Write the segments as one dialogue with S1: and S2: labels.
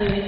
S1: Thank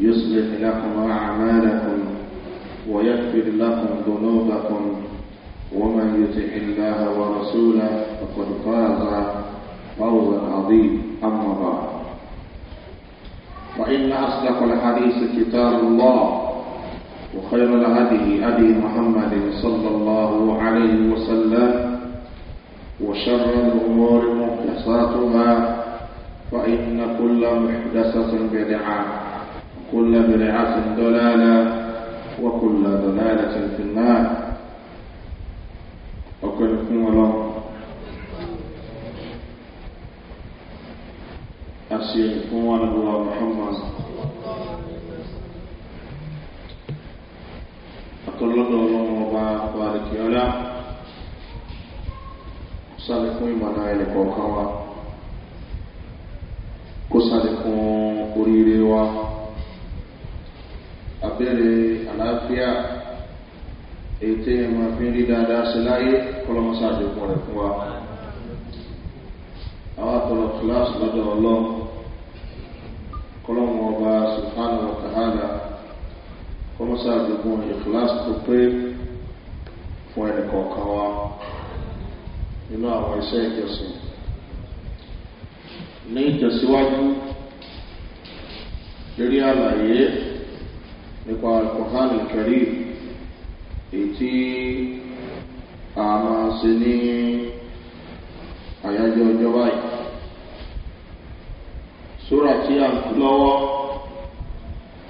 S2: يصلح لكم أعمالكم ويغفر لكم ذنوبكم ومن يطع الله ورسوله فقد فاز فوزا عظيما أما بعد فإن أصدق الحديث كتاب الله وخير الهدي هدي محمد صلى الله عليه وسلم وشر الأمور محدثاتها فإن كل محدثة بدعة كل بدعة ضلالة وكل ضلالة في النار وكلكم الله أسيركم الله محمد أقول الله وبارك بارك يولا الله من وسلم téèyàn máa fi ń rí dáadáa sí láyé kọlọmọsá àdékùn rẹ fún wa àwọn àtọrọ kíláàsì lọdọ ọlọrun kọlọmọ ọba sùfánù ọkàhánà kọlọmọsá àdékùn ìkíláàsì tó pé fún ẹnì kọọkan wa nínú àwọn iṣẹ ìjọsìn ní ìtẹ̀síwájú lórí àlàyé nípa alkohol kẹrìí. ètí a máa ṣe ní àyájọ́ ọjọ́ báyìí. Sura tí a ń lọ́wọ́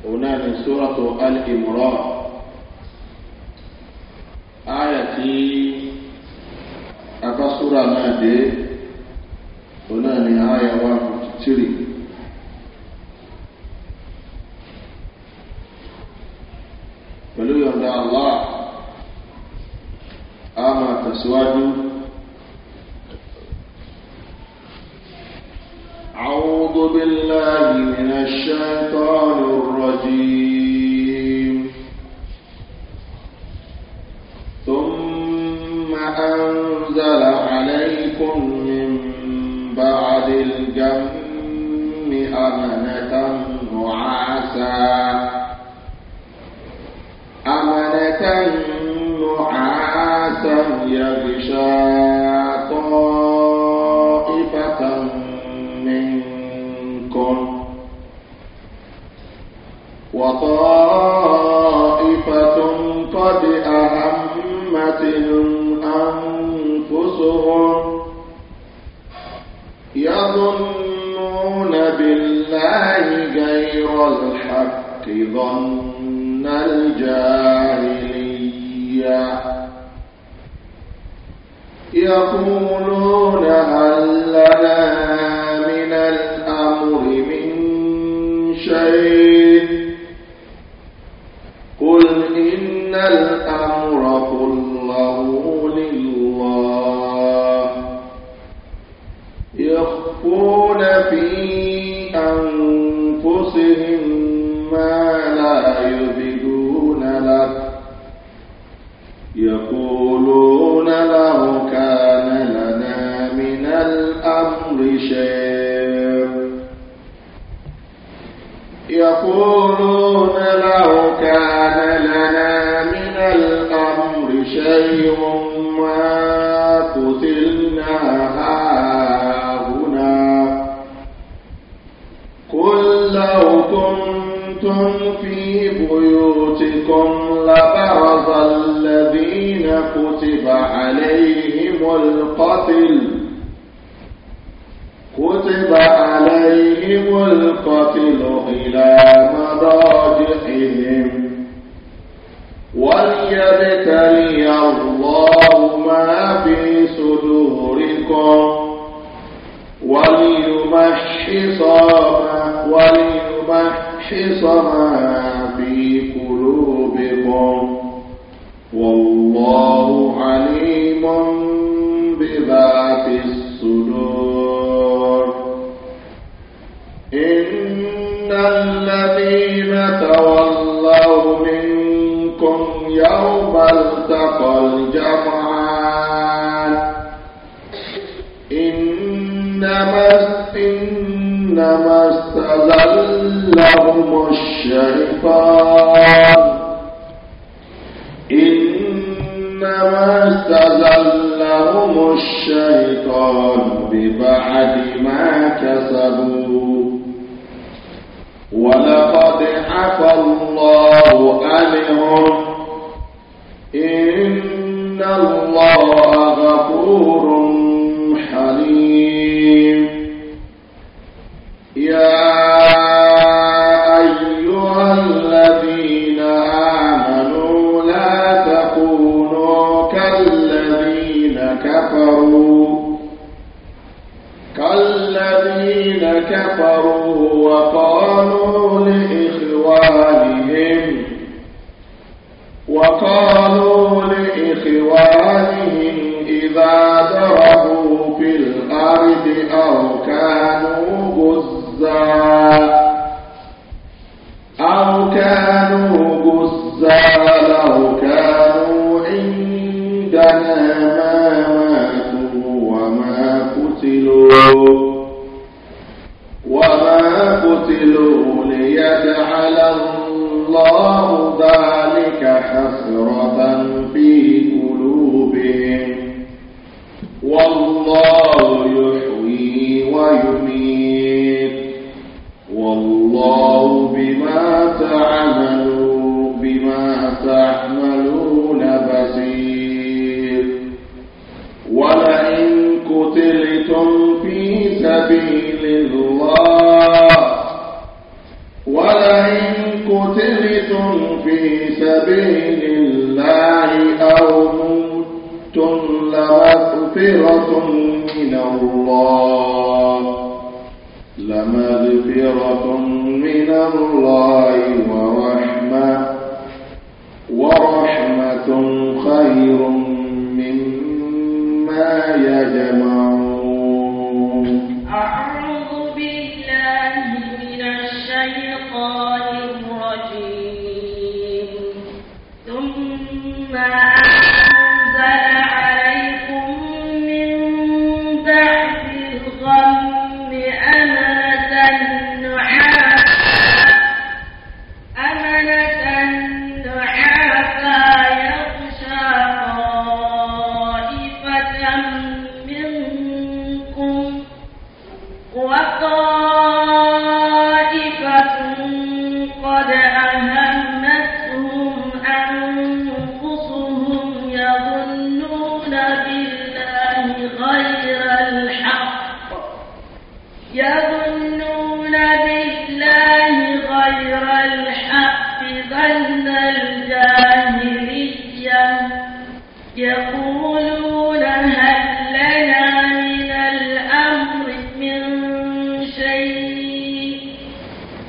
S2: òun náà ni Sura tó Aya tí a bá Sura náà dé. يأتكم من بعد الجم أمنة نعاسا أمنة نعاسا يغشى طائفة منكم وطائفة قد أهمتهم والحق ظن الجاهلية يقولون هل لنا من الأمر من شيء كان لنا من الأمر شيء ما قتلنا هاهنا قل لو كنتم في بيوتكم لبرز الذين كتب عليهم القتل كتب عليهم القتل إلى ما مضاجعهم وليبتلي الله ما في صدوركم وليمحص وليمحص ما في قلوبكم والله عليم بذات الصدور إن الذين تولوا منكم يوم التقى الجمعان إنما إنما استزلهم الشيطان إنما استزلهم الشيطان ببعد ما كسبوا ولقد عفى الله عنهم إن الله غفور حليم يا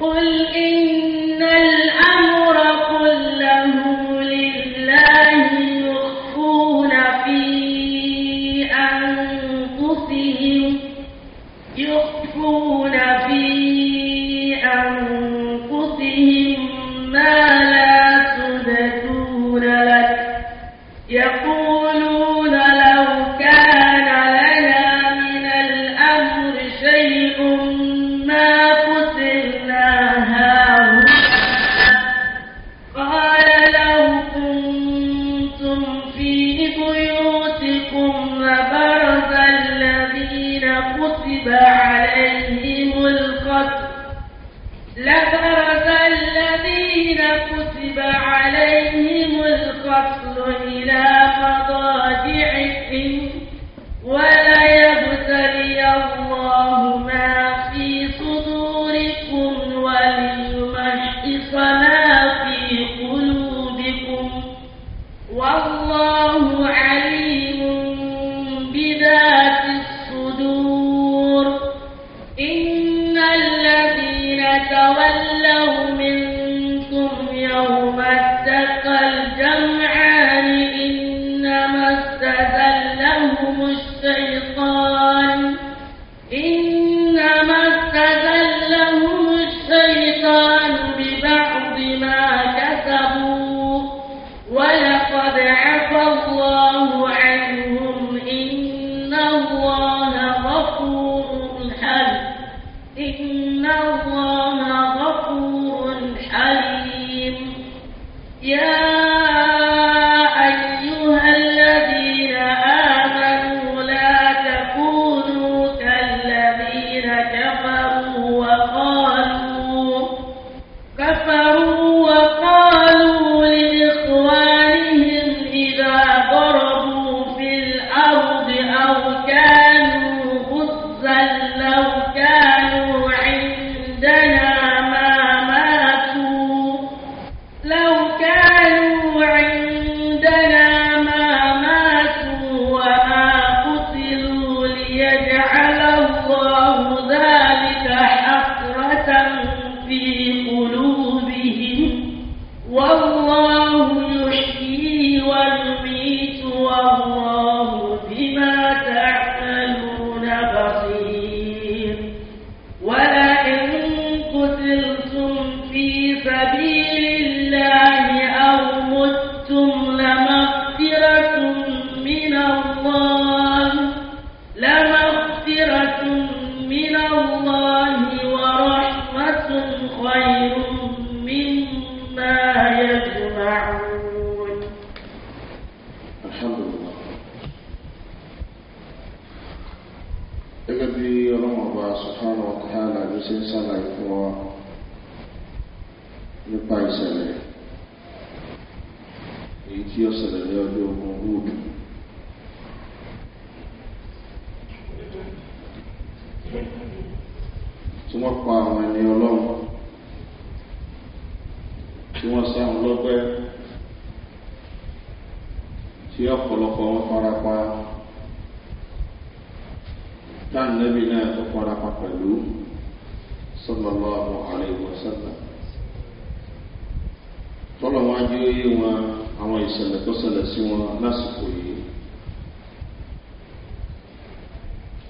S2: قل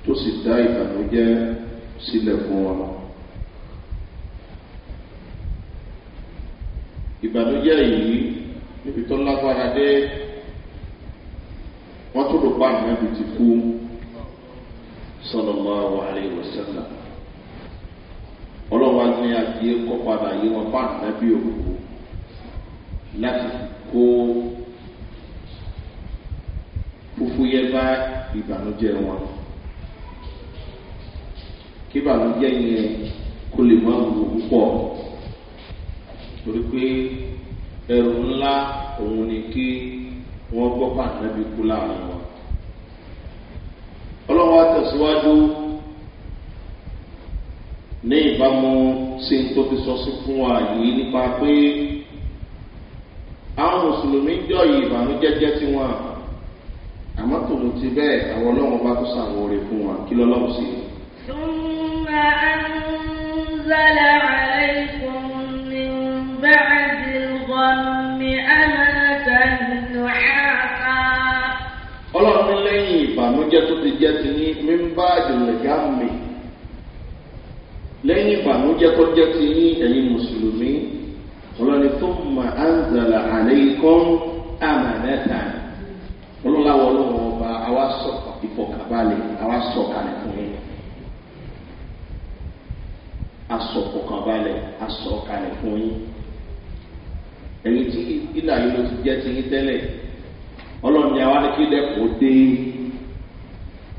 S2: tó sì dá ìbànújẹ́ sílẹ̀ fún wọn. ìbànújẹ́ yìí níbi tó lágbára dé wọ́n tó lò pa ànábì ti kú sọlọ́mọ àwọn àlẹ́ ìwọ̀sẹ́lá ọlọ́wà ní adìẹ kọ́ padà yí wọn bá ànábì òkú láti kó fúfúyẹ́ bá ìbànújẹ́ wọn kí bàlújẹ́ yẹn kó lè má wù púpọ̀ torí pé ẹrù ńlá òun ni kí wọ́n gbọ́ pàtàkì kú láàrin wọn. ọlọ́wọ́ àtẹ̀síwájú ní ìbámu sí tó fi sọ sí fún wa yìí nípa pé àwọn mùsùlùmí jọ yìí ìbànújẹ́jẹ́ tí wọ́n àmọ́ tòun ti bẹ́ẹ̀ àwọn ọlọ́run bá tó sàwọn oore fún wa kí lọ́lọ́run sí i.
S1: أنزل عليكم من بعد الغم أمنة نعاسا
S2: ọlọ́run lẹ́yìn ìbànújẹ́ tó ti jẹ́ ti ní mímbá ìdìlẹ̀gá mi lẹ́yìn ìbànújẹ́ tó jẹ́ ti ní ẹ̀yin mùsùlùmí ọlọ́ni tó mà á ń zàlà àlékún àmàlẹ́ta ọlọ́láwọ́ ọlọ́run ọba àwa sọ ìfọ̀kàbalẹ̀ àwa sọ kalẹ̀ fún yín aṣọ kọkànbalẹ̀ aṣọ kalẹ̀ fún yín èyí tí ilà yìí ló ti jẹ́ ti yín tẹ́lẹ̀ ọlọ́run ni àwa ní kí lẹ́kọ̀ọ́ dé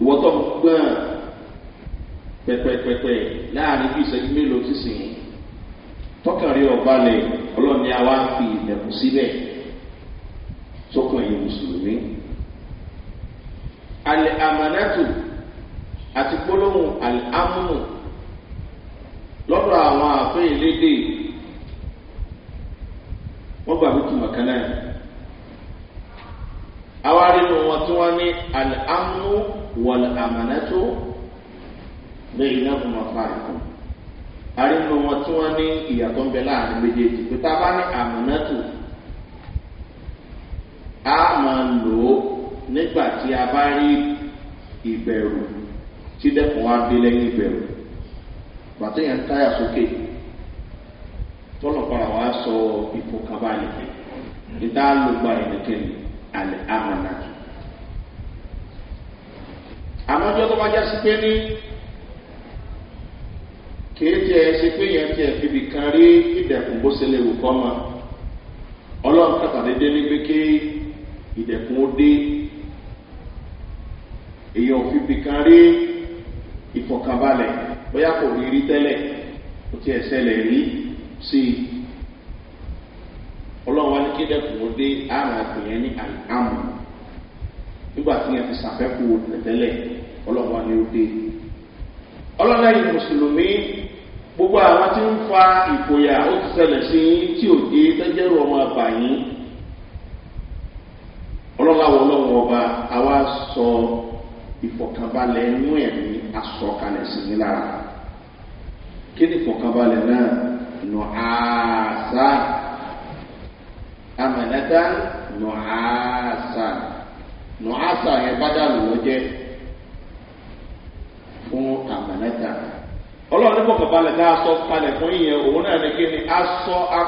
S2: ìwọ́tọ̀ gbọ́n pẹpẹpẹpẹ láàrin bí ìṣẹ́jú mélòó ti sìn tọkànrí ọ̀balẹ̀ ọlọ́run ni àwa fi ìdẹ̀kùn síbẹ̀ sọ́kàn yìí mùsùlùmí. alẹ́ àmàlẹ́tù àti gbólóhùn alẹ́ amúnù lọ́dọ̀ àwọn àfẹ́ ìlédè wọ́n gbà mí tùmọ̀ kan náà àwa nínú wọn tí wọ́n ní àlàmú wọ̀lù àmàlẹ́tò lẹ́yìn náà fún wọn fáìlì àrínú wọn tí wọ́n ní ìyàtọ̀ ń bẹ láàrin méjèèjì pé tá a bá ní àmàlẹ́tò a máa lò ó nígbà tí a bá rí ìbẹ̀rù tí dẹ́kun wa dé lẹ́yìn ìbẹ̀rù pàtẹ́yàn táyà sókè tọ́lọ̀ padà wá sọ ìfọkànbalẹ̀ níta ló gba ìdíkẹ́ni àlẹ́ amọ̀nàjù. àmọ́jọ́ tó bá já sí pé ní kìí tiẹ̀ ṣe pé yẹn tiẹ̀ fìbì kan rí ìdẹ̀kùn bó ṣe lè wù kọ́ ma ọlọ́run kàtàdé dé ní pé kí ìdẹ̀kùn ó dé èèyàn fìbì kan rí ìfọkànbalẹ̀ bóyá kò rí rí tẹ́lẹ̀ kò tiẹ̀ ṣẹlẹ̀ rí sí i ọlọ́run wa ní kí dẹ́kun ó dé àrùn àgbìyẹn ní àmù nígbà tí yẹn ti sàfẹ́kù tẹ̀tẹ́lẹ̀ ọlọ́run wa ní ó dé ọlọ́run ẹ̀yìn mùsùlùmí gbogbo àwọn tí ń fa ìkòyà ó ti ṣẹlẹ̀ sí yín tí ò dé tẹ́jẹ́rù ọmọ àgbà yín ọlọ́run àwọn ọlọ́run ọba àwa sọ ìfọ̀kànbalẹ̀ inú ẹ̀mí asọ̀kalẹ̀ sí ní lára. kí ni ìfọ̀kànbalẹ̀ náà nù àásá amẹ̀lẹ́dá nù bada nù fún amẹ̀lẹ́dá ọlọ́run ní a sọ kalẹ̀ fún yìnyẹn òun náà ní kí ni a sọ a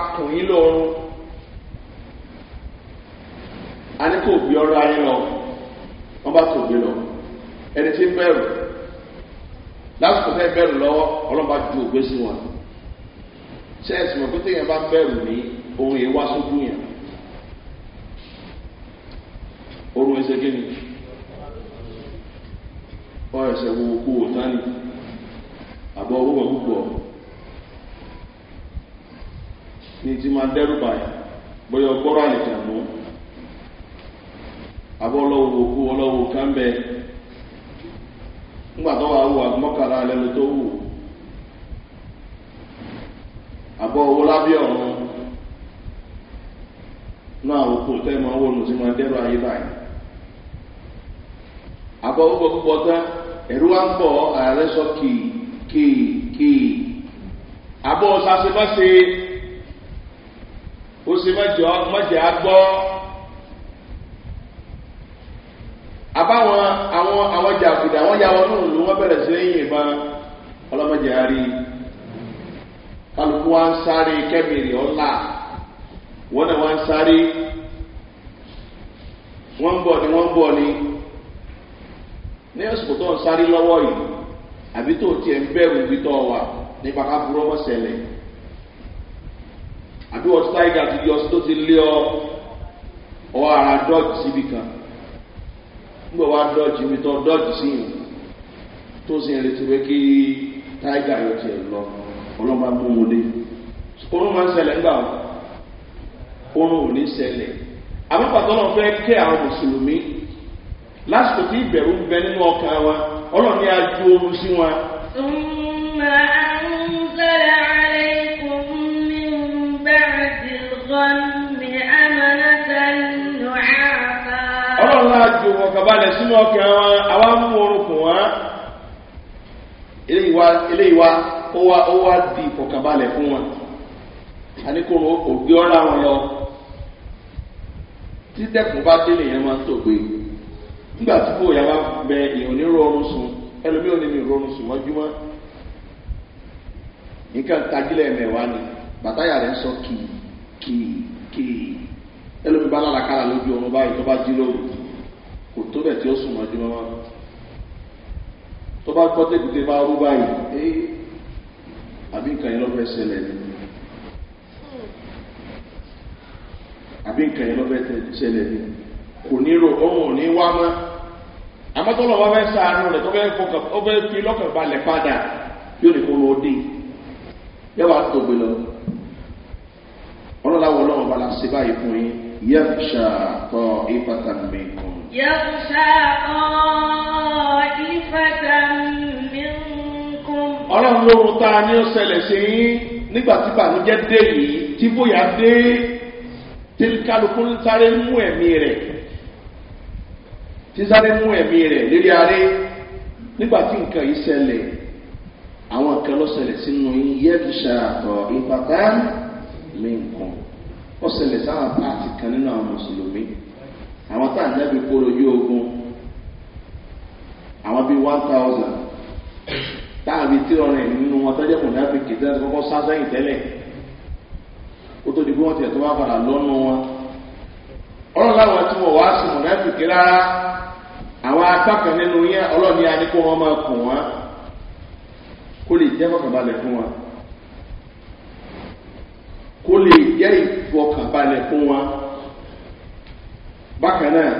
S2: ní kò lọ tó lọ lásìkò fẹ́ bẹ̀rù lọ́wọ́ ọlọ́ba ju ògbé sí wọn ṣẹ́ẹ̀sì mọ̀ pé bá bẹ̀rù ní ohun yẹn wá sójú yẹn orun ni wọ́n ẹsẹ̀ wo kó wò ni ti máa dẹ́rù báyìí bóyá ọgbọ́rọ̀ àlejò àmọ́ àbọ̀ ọlọ́wọ́ ọlọ́wọ́ ńgbà tó wà wù àgbọ̀kàrà lẹ́nu tó wù àbọ̀ owó lábẹ́ ọ̀run náà àwọn kò tẹ́ máa wọnú sí máa dẹ́rù ayé báyìí àbọ̀ owó púpọ̀ tán ẹ̀rú wa ń bọ̀ ààrẹ sọ kìí kìí kìí àbọ̀ ọ̀sà ṣe má ṣe ó ṣe má jẹ́ àgbọ̀. àbáwọn àwọn àwọn jàkùdà àwọn ya wọn lóhùn ló wọn bẹ̀rẹ̀ sí lẹ́yìn ìbọn ọlọ́mọdé àárí kálukú wa ń sáré kẹ́mìrì ọ̀la wọn náà wá ń sáré wọ́n ń bọ̀ ni wọ́n ń bọ̀ ni ní ẹ̀sùn tó ń sáré lọ́wọ́ yìí àbí tó tiẹ̀ ń bẹ̀rù ibi tó wà nípa ká burú ọmọ sẹlẹ̀ àbí wọ́n ti táyé gàdúgbò ọtí tó ti lé ọ ọ ara dọ́ọ̀tì síbi kan. mgbe wa dọ́jì mi tán si sí to si sì ń retí pé lọ ọlọ́mọ mú un lé orun máa ń ṣẹlẹ̀ ńgbà wọn orun ò ní ṣẹlẹ̀ àmọ́ àwọn mùsùlùmí lásìkò tí ìbẹ̀rù nínú wa ọlọ́run ní ajú balẹ̀ sínú ọkàn wọn àwa ń mú orúkọ wọn eléyìí ó wá ó wá di ìfọkànbalẹ̀ fún wọn àníkùnrin ògbé ọ̀rá wọn lọ títẹ̀kùn bá délé yẹn máa ń tògbé nígbà tí bóyá bá bẹ èèyàn onírọ̀rùn sùn ẹlòmíràn ní mi rọrùn sùn mọ́júmọ́ nǹkan sọ bá lójú ọ̀run báyìí tó bá kò tó bẹ̀ tí ó sùn mọ́jú mọ́ tó bá gbọ́ tẹ́kùté bá rú báyìí ẹ́ àbí nǹkan yẹn ló ṣẹlẹ̀ ni àbí nǹkan yẹn ló fẹ́ ṣẹlẹ̀ ni kò ní ro ọ̀hún ní wá mọ́ àmọ́tọ́lọ́ wa fẹ́ sàánú rẹ̀ tó fẹ́ fọkàn ó fẹ́ fi lọ́kàn balẹ̀ padà yóò ní kó lọ́ọ́ dé yẹ wàá tó gbé lọ ọlọ́láwọ̀ ọlọ́wọ̀ bá la báyìí fún yín yẹ fi ṣàtọ̀ ìfàtàmì kan.
S1: يغشى منكم
S2: ọlọ́run ló ń ta ni ó ṣẹlẹ̀ sí yín nígbà tí bànújẹ́ dé yìí tí bóyá dé tí kálukú ń sáré mú ẹ̀mí rẹ̀ tí sáré mú ẹ̀mí rẹ̀ lérí aré nígbà nǹkan yìí ṣẹlẹ̀ àwọn nǹkan ló sínú yẹ́dùṣà àtọ̀ ìpàtà mí nǹkan ó sáwọn pààtì kan nínú àwọn mùsùlùmí àwọn tá à ń lẹ́bi kó lójú ogun àwọn bíi one thousand táàbí tí ọ̀rẹ́ nínú wọn tọ́jú ẹ̀kọ́ náà fi kìtẹ́ ẹ̀ kọ́kọ́ sá sẹ́yìn tẹ́lẹ̀ kó tó di pé wọ́n tiẹ̀ tó wá padà lọ́nu wọn. ọlọ́run láwọn tí wọ́n wá sí mọ̀ náà fi kí rárá àwọn akẹ́kọ̀ọ́ nínú yẹn ọlọ́ọ̀ni á ní kó wọ́n máa kùn wọ́n kó lè jẹ́ fọkànbalẹ̀ fún wọn kó lè jẹ́ ìfọkànbalẹ̀ fún wọn bákan náà.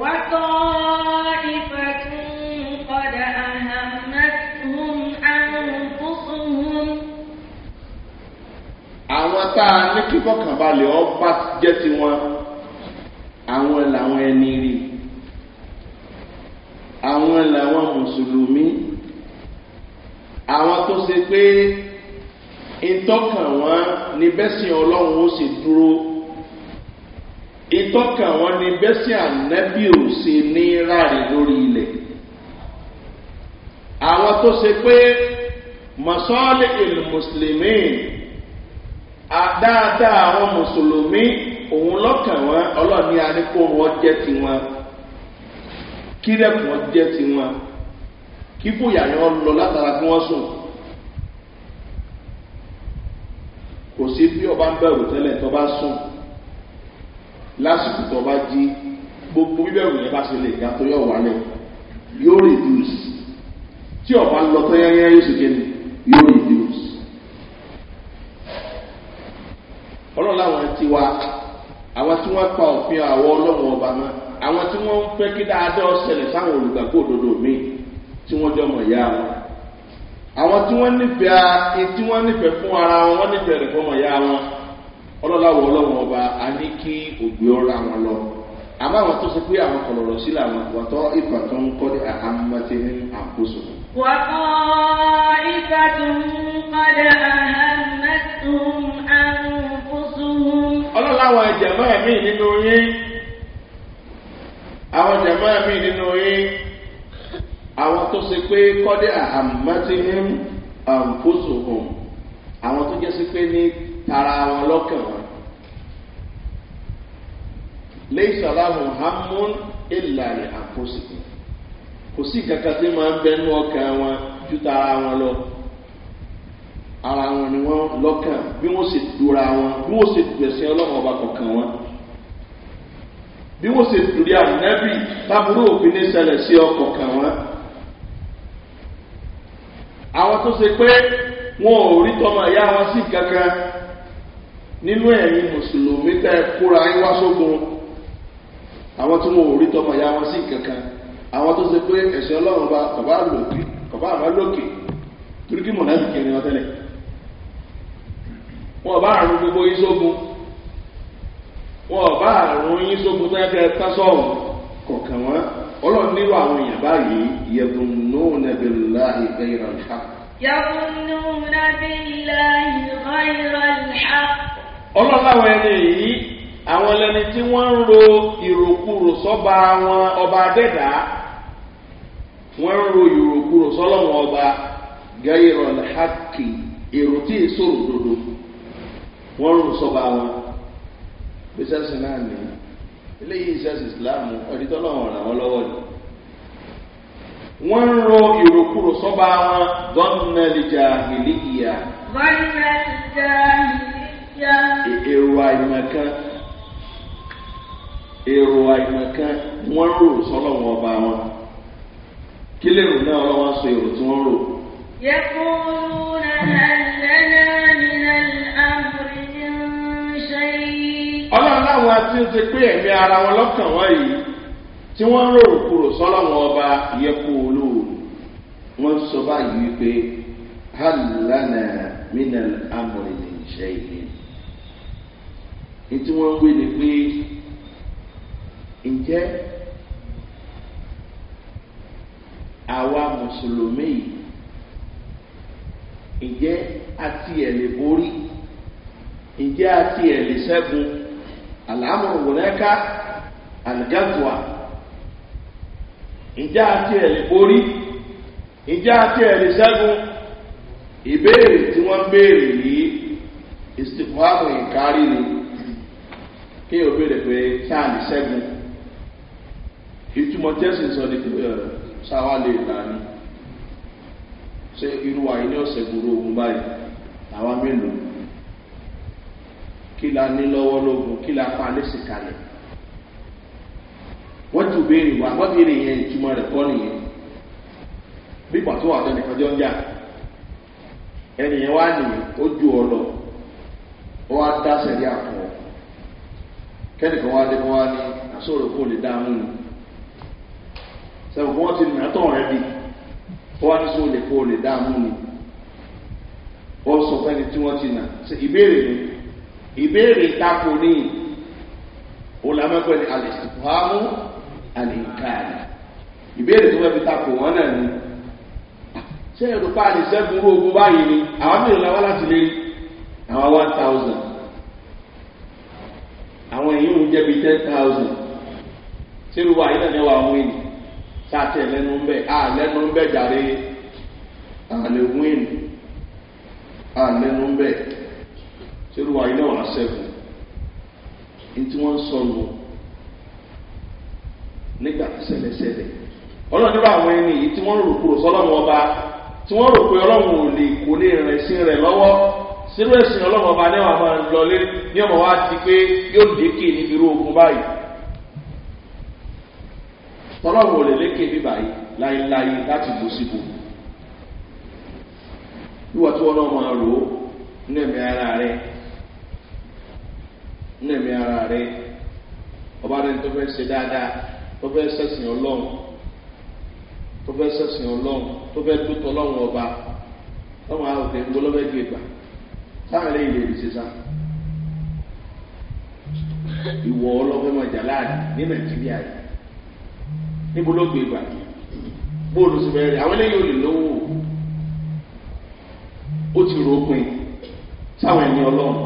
S1: wọ́n tọ́ ìfẹ̀kùn kọ́dà àhàmẹ́tùm àrùnfúnfún.
S2: àwọn tá a ní kíkọ́kànbalẹ̀ ọ́ bá jẹ́ tiwọn àwọn làwọn ẹni rí àwọn làwọn mùsùlùmí àwọn tó ṣe pé ìtọ́kàn wọn ni bẹ́sìn ọlọ́run ó sì dúró ìtọ́ka wọn ni bẹ́sẹ̀ ànábì ò ṣe ní ráàrin lórí ilẹ̀ àwọn tó ṣe pé mọ̀sọ́ọ́lì ìlú mùsùlùmí dáadáa àwọn mùsùlùmí òun lọ́kàn wọn ọlọ́ọ̀ni àníkó wọn jẹ́ tiwọn kírẹ̀kùn wọn jẹ́ tiwọn kíkóyà yẹn lọ látara kí wọ́n sùn kò sí bí ọba ń bẹ̀rù tẹ́lẹ̀ tó bá sùn lásìkò tó bá jí gbogbo bíbẹ̀rù yẹn bá ṣe lè ga tó yọ wálẹ̀ yóò reduce tí ọba ń lọ tó yányá yóò ṣe kéde yóò reduce. ọlọ́run láwọn ti wá àwọn tí wọ́n pa òfin àwọ ọlọ́run ọba náà àwọn tí wọ́n ń fẹ́ kí dáadáa ọ̀sẹ̀lẹ̀ sáwọn olùgbàgbọ́ òdodo míì tí wọ́n jọmọ̀ ìyá wọn àwọn tí wọ́n nífẹ̀ẹ́ tí wọ́n nífẹ̀ẹ́ fún ara wọn wọ́n nífẹ̀ẹ́ rẹ̀ fọmọ ìyá wọn ọlọ́láwọ̀ ọlọ́run ọba a ní kí ògbé ọ̀rọ̀ àwọn lọ àmọ́ àwọn tó ṣe pé àwọn kọ̀lọ̀rọ̀ sí làwọn wàtọ́ ìgbà tó ń kọ́ ní àhámọ́tì ní àkóso.
S1: wàtọ́ ìgbà tó ń kọ́dà àhámọ́tùm ọlọ́láwọ̀ jẹ̀mọ́ ẹ̀mí
S2: nínú yín àwọn jẹ̀mọ́ ẹ̀mí nínú yín àwọn tó ṣe pé kọ́dà àhámọ́tì ní àǹfọ̀sùn àwọn tó jẹ́ sí pé ní tara wọn lọ́kàn wọn. lẹ́yìn sọ̀rọ̀ muhammed ìlànà àkóso kò sí kankan tí máa ń bẹnu ọkàn wọn ju tara wọn lọ ara wọn ni wọn lọ́kàn bí wọ́n sì dúra wọn bí wọ́n sì gbẹ̀sẹ̀ ọlọ́run ọba kọ̀ọ̀kan wọn bí wọ́n ṣe torí ànábì tábúrò òfin ní sẹlẹ̀ sí ọkọ̀ kan wọn. àwọn tó ṣe pé wọn ò rí tọmọ ìyá wọn sí kankan nínú ẹ̀yin mùsùlùmí tẹ́ kóra yín wá sógun àwọn tí wọn ò rí tọmọ ya wọn sí kankan àwọn tó ṣe pé ẹ̀sẹ̀ ọlọ́run bá bàbá lòkè bàbá àbá lòkè torí kí mọ̀nà sì kiri wọn tẹ́lẹ̀ wọn bá àrùn gbogbo yín sógun wọn bá àrùn yín sógun tó yẹ kẹ́ tásọ̀rọ̀ kọ̀ọ̀kan wọn ọlọ́run nílò àwọn èèyàn báyìí yẹ̀bùn náà nàbẹ̀lá ìgbẹ́ ìrànlá.
S1: يظنون بالله غير الحق
S2: ọlọ́láwọ̀ ẹni yìí àwọn ẹlẹ́ni tí wọ́n ń ro ìròkúrò sọ́ba wọn ọba adẹ́dá wọ́n ń ro ìròkúrò sọ́lọ́wọ́n ọba gẹ́yìrọ̀ lẹ́hàkì èrò tí èso wọ́n ń ro sọ́ba wọn náà eléyìí ìsìláàmù wọ́n lọ́wọ́ ni ro sọ́ba wọn gọ́nà lìjà ìlíkìyà. gọ́nà èrò àìmọ̀kan èrò àìmọ̀kan wọ́n rò sọ́lọ́wọ́ ọba wọn kí lèrò náà ọlọ́wọ́ sọ èrò tí wọ́n rò.
S1: يقولون هل من الأمر من شيء ọlọ́run láwọn àti
S2: ń ti pé ẹ̀mí ara wọn lọ́kàn wọ́n yìí tí wọ́n rò kúrò sọ́lọ́wọ́n ọba yẹ̀kú olóòrùn wọ́n sọ báyìí wípé hàlùlánà mínà àmọ̀rìnì ṣẹ́yìn etí wọ́n ń wé ni pé ǹjẹ́ àwa mùsùlùmí yìí ǹjẹ́ àti ẹ̀ lè borí ǹjẹ́ àti ẹ̀ lè sẹ́gun àlámọ̀ wọ̀lẹ́ká àlùgáàtùwà ǹjẹ́ àti ẹ̀ lè borí ǹjẹ́ àti ẹ̀ lè sẹ́gun ìbéèrè tí wọ́n ń béèrè yìí ìsìnkú àmọ̀ ìkárí ni kéèyàn béèrè pé sáà ní sẹ́gun ìtumọ̀ jẹ́sìn sọ ni sáwá lè là ní ṣé irú wa ilé ọ̀sẹ̀ gbòòrò ogun báyìí àwa mélòó kí la ní lọ́wọ́ lógun kí la pa lẹ́sìn kalẹ̀ wọ́n ti béèrè wá wọ́n béèrè yẹn ìtumọ̀ rẹ̀ kọ́ nìyẹn bí pàtó àtẹnìkan jọ ń jà ẹnìyẹn wá nìyẹn ó ju ọ lọ ó wá dá sẹ́rí àpò kẹ́nìkan wá dé kó wá ní àsọ̀rọ̀ kó lè dá mú un sẹ́wọ̀n kó wọ́n ti nà tán rẹ̀ di kó wá ní sọ lè kó lè dá mú un wọ́n sọ fẹ́ni tí wọ́n ti nà ṣe ìbéèrè ni ìbéèrè tako ní olamẹ́pẹ́ ni alẹ́sìkúhámù alẹ́káàlì ìbéèrè tó fẹ́ fi tako wọ́n náà ni ṣé ẹ̀rù pa àdìsẹ́gun ogun báyìí ni àwọn mìíràn lọ́wọ́ láti lé àwọn one thousand. àwọn èyí ń jẹ́ ten thousand sílùú wa ilẹ̀ mẹ́wàá wíìn sáàtì ẹ̀lẹ́nu ń bẹ̀ á lẹ́nu ń bẹ̀ jàre àlẹ́ wa ilẹ̀ wàá wọ́n sọ lù nígbà sẹlẹsẹlẹ ọlọ́run àwọn ẹni tí wọ́n rò kúrò ọba tí wọ́n rò pé ọlọ́run ò lè sí rẹ̀ lọ́wọ́. sínú ẹ̀sìn ọlọ́mọ ọba ní ọmọ lọlé ní ọmọ wa ti pé yóò lékè níbi irú ogun báyìí tọ́lọ́mù ò lè lékè bí báyìí láéláé láti bó síbò wíwọ tí wọn náà máa rò ó nẹ̀mí ara rẹ nẹ̀mí ara rẹ ọba rẹ tó fẹ́ ṣe dáadáa tó fẹ́ sẹ́sìn ọlọ́run tó fẹ́ sẹ́sìn ọlọ́run tó fẹ́ tó tọ́lọ́run ọba ọmọ àwọn òde ń gbọ́ lọ́fẹ́ gbé gbà. táwọn eléyìí lè rí sísan iwọ ọlọ́gbẹ́ mọ̀jà láàrin ní nàìjíríà yìí gbà bóòlù sí bẹ́ẹ̀rẹ̀ àwọn eléyìí ò lè lówó ó ti pin sáwọn ẹni ọlọ́run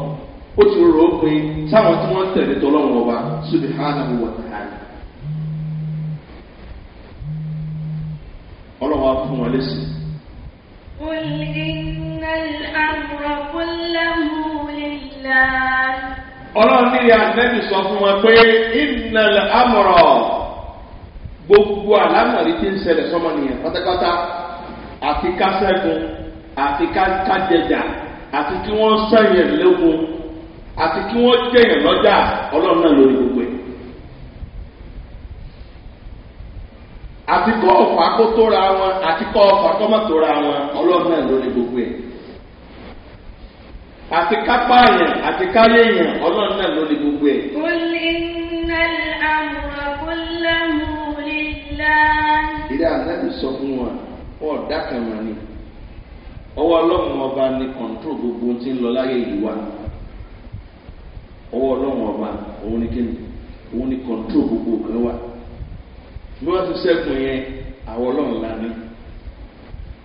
S2: o ti rò pin sáwọn tí wọ́n tẹ̀lé tọ́lọ́run ọba ṣùgbọ́n hàn án wọ̀ fún wọn ọlọ́run nílé àgbẹ̀bí sọ fún wọn pé iná amọ̀rọ̀ gbogbo àlámọ̀rí tí ń ṣẹlẹ̀ sọmọnìyàn pátápátá àti kásẹ́gun àti kájẹjà àti kí wọ́n sẹ̀yìn lẹ́gun àti kí wọ́n jẹ̀yìn lọ́jà ọlọ́run náà lórí gbogbo ẹ̀. àti kọ́ ọ̀fà kó tóra wọn àti kọ́ ọ̀fà kọ́ mọ̀ tóra wọn ọlọ́run náà lórí gbogbo ẹ̀. àti kápá yẹn àti káyé yẹn ọlọ́run náà ló lè gbogbo ẹ̀.
S1: kúlì iná àmúra kúlẹ̀ mú lílá. ìdá ànábì sọ fún
S2: wa ọ̀dà ọba ní kọ̀ǹtró gbogbo ti ń lọ láyé ìlú wa ọwọ́ ọlọ́run ọba òun kíni òun ni kọ̀ǹtró gbogbo kan wa bí wọ́n ti sẹ́kùn yẹn àwọn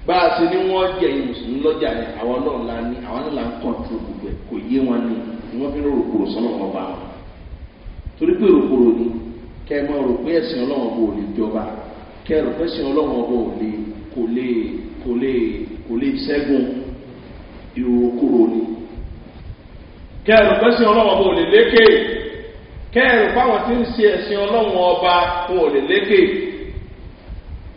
S2: bá a ṣe jẹ mùsùlùmí lọ́jà ni àwọn náà la ní àwọn náà la ń gbogbo ẹ̀ kò yé wọn ni wọ́n fi ń rògbòrò sọ́nà wọn bá wọn torí pé rògbòrò ni kẹ́ ẹ máa rò pé ẹ̀sìn ọlọ́wọ́n bò lè jọba kẹ́ ẹ rò pé ẹ̀sìn ọlọ́wọ́n bò lè kò lè ọba wọn ò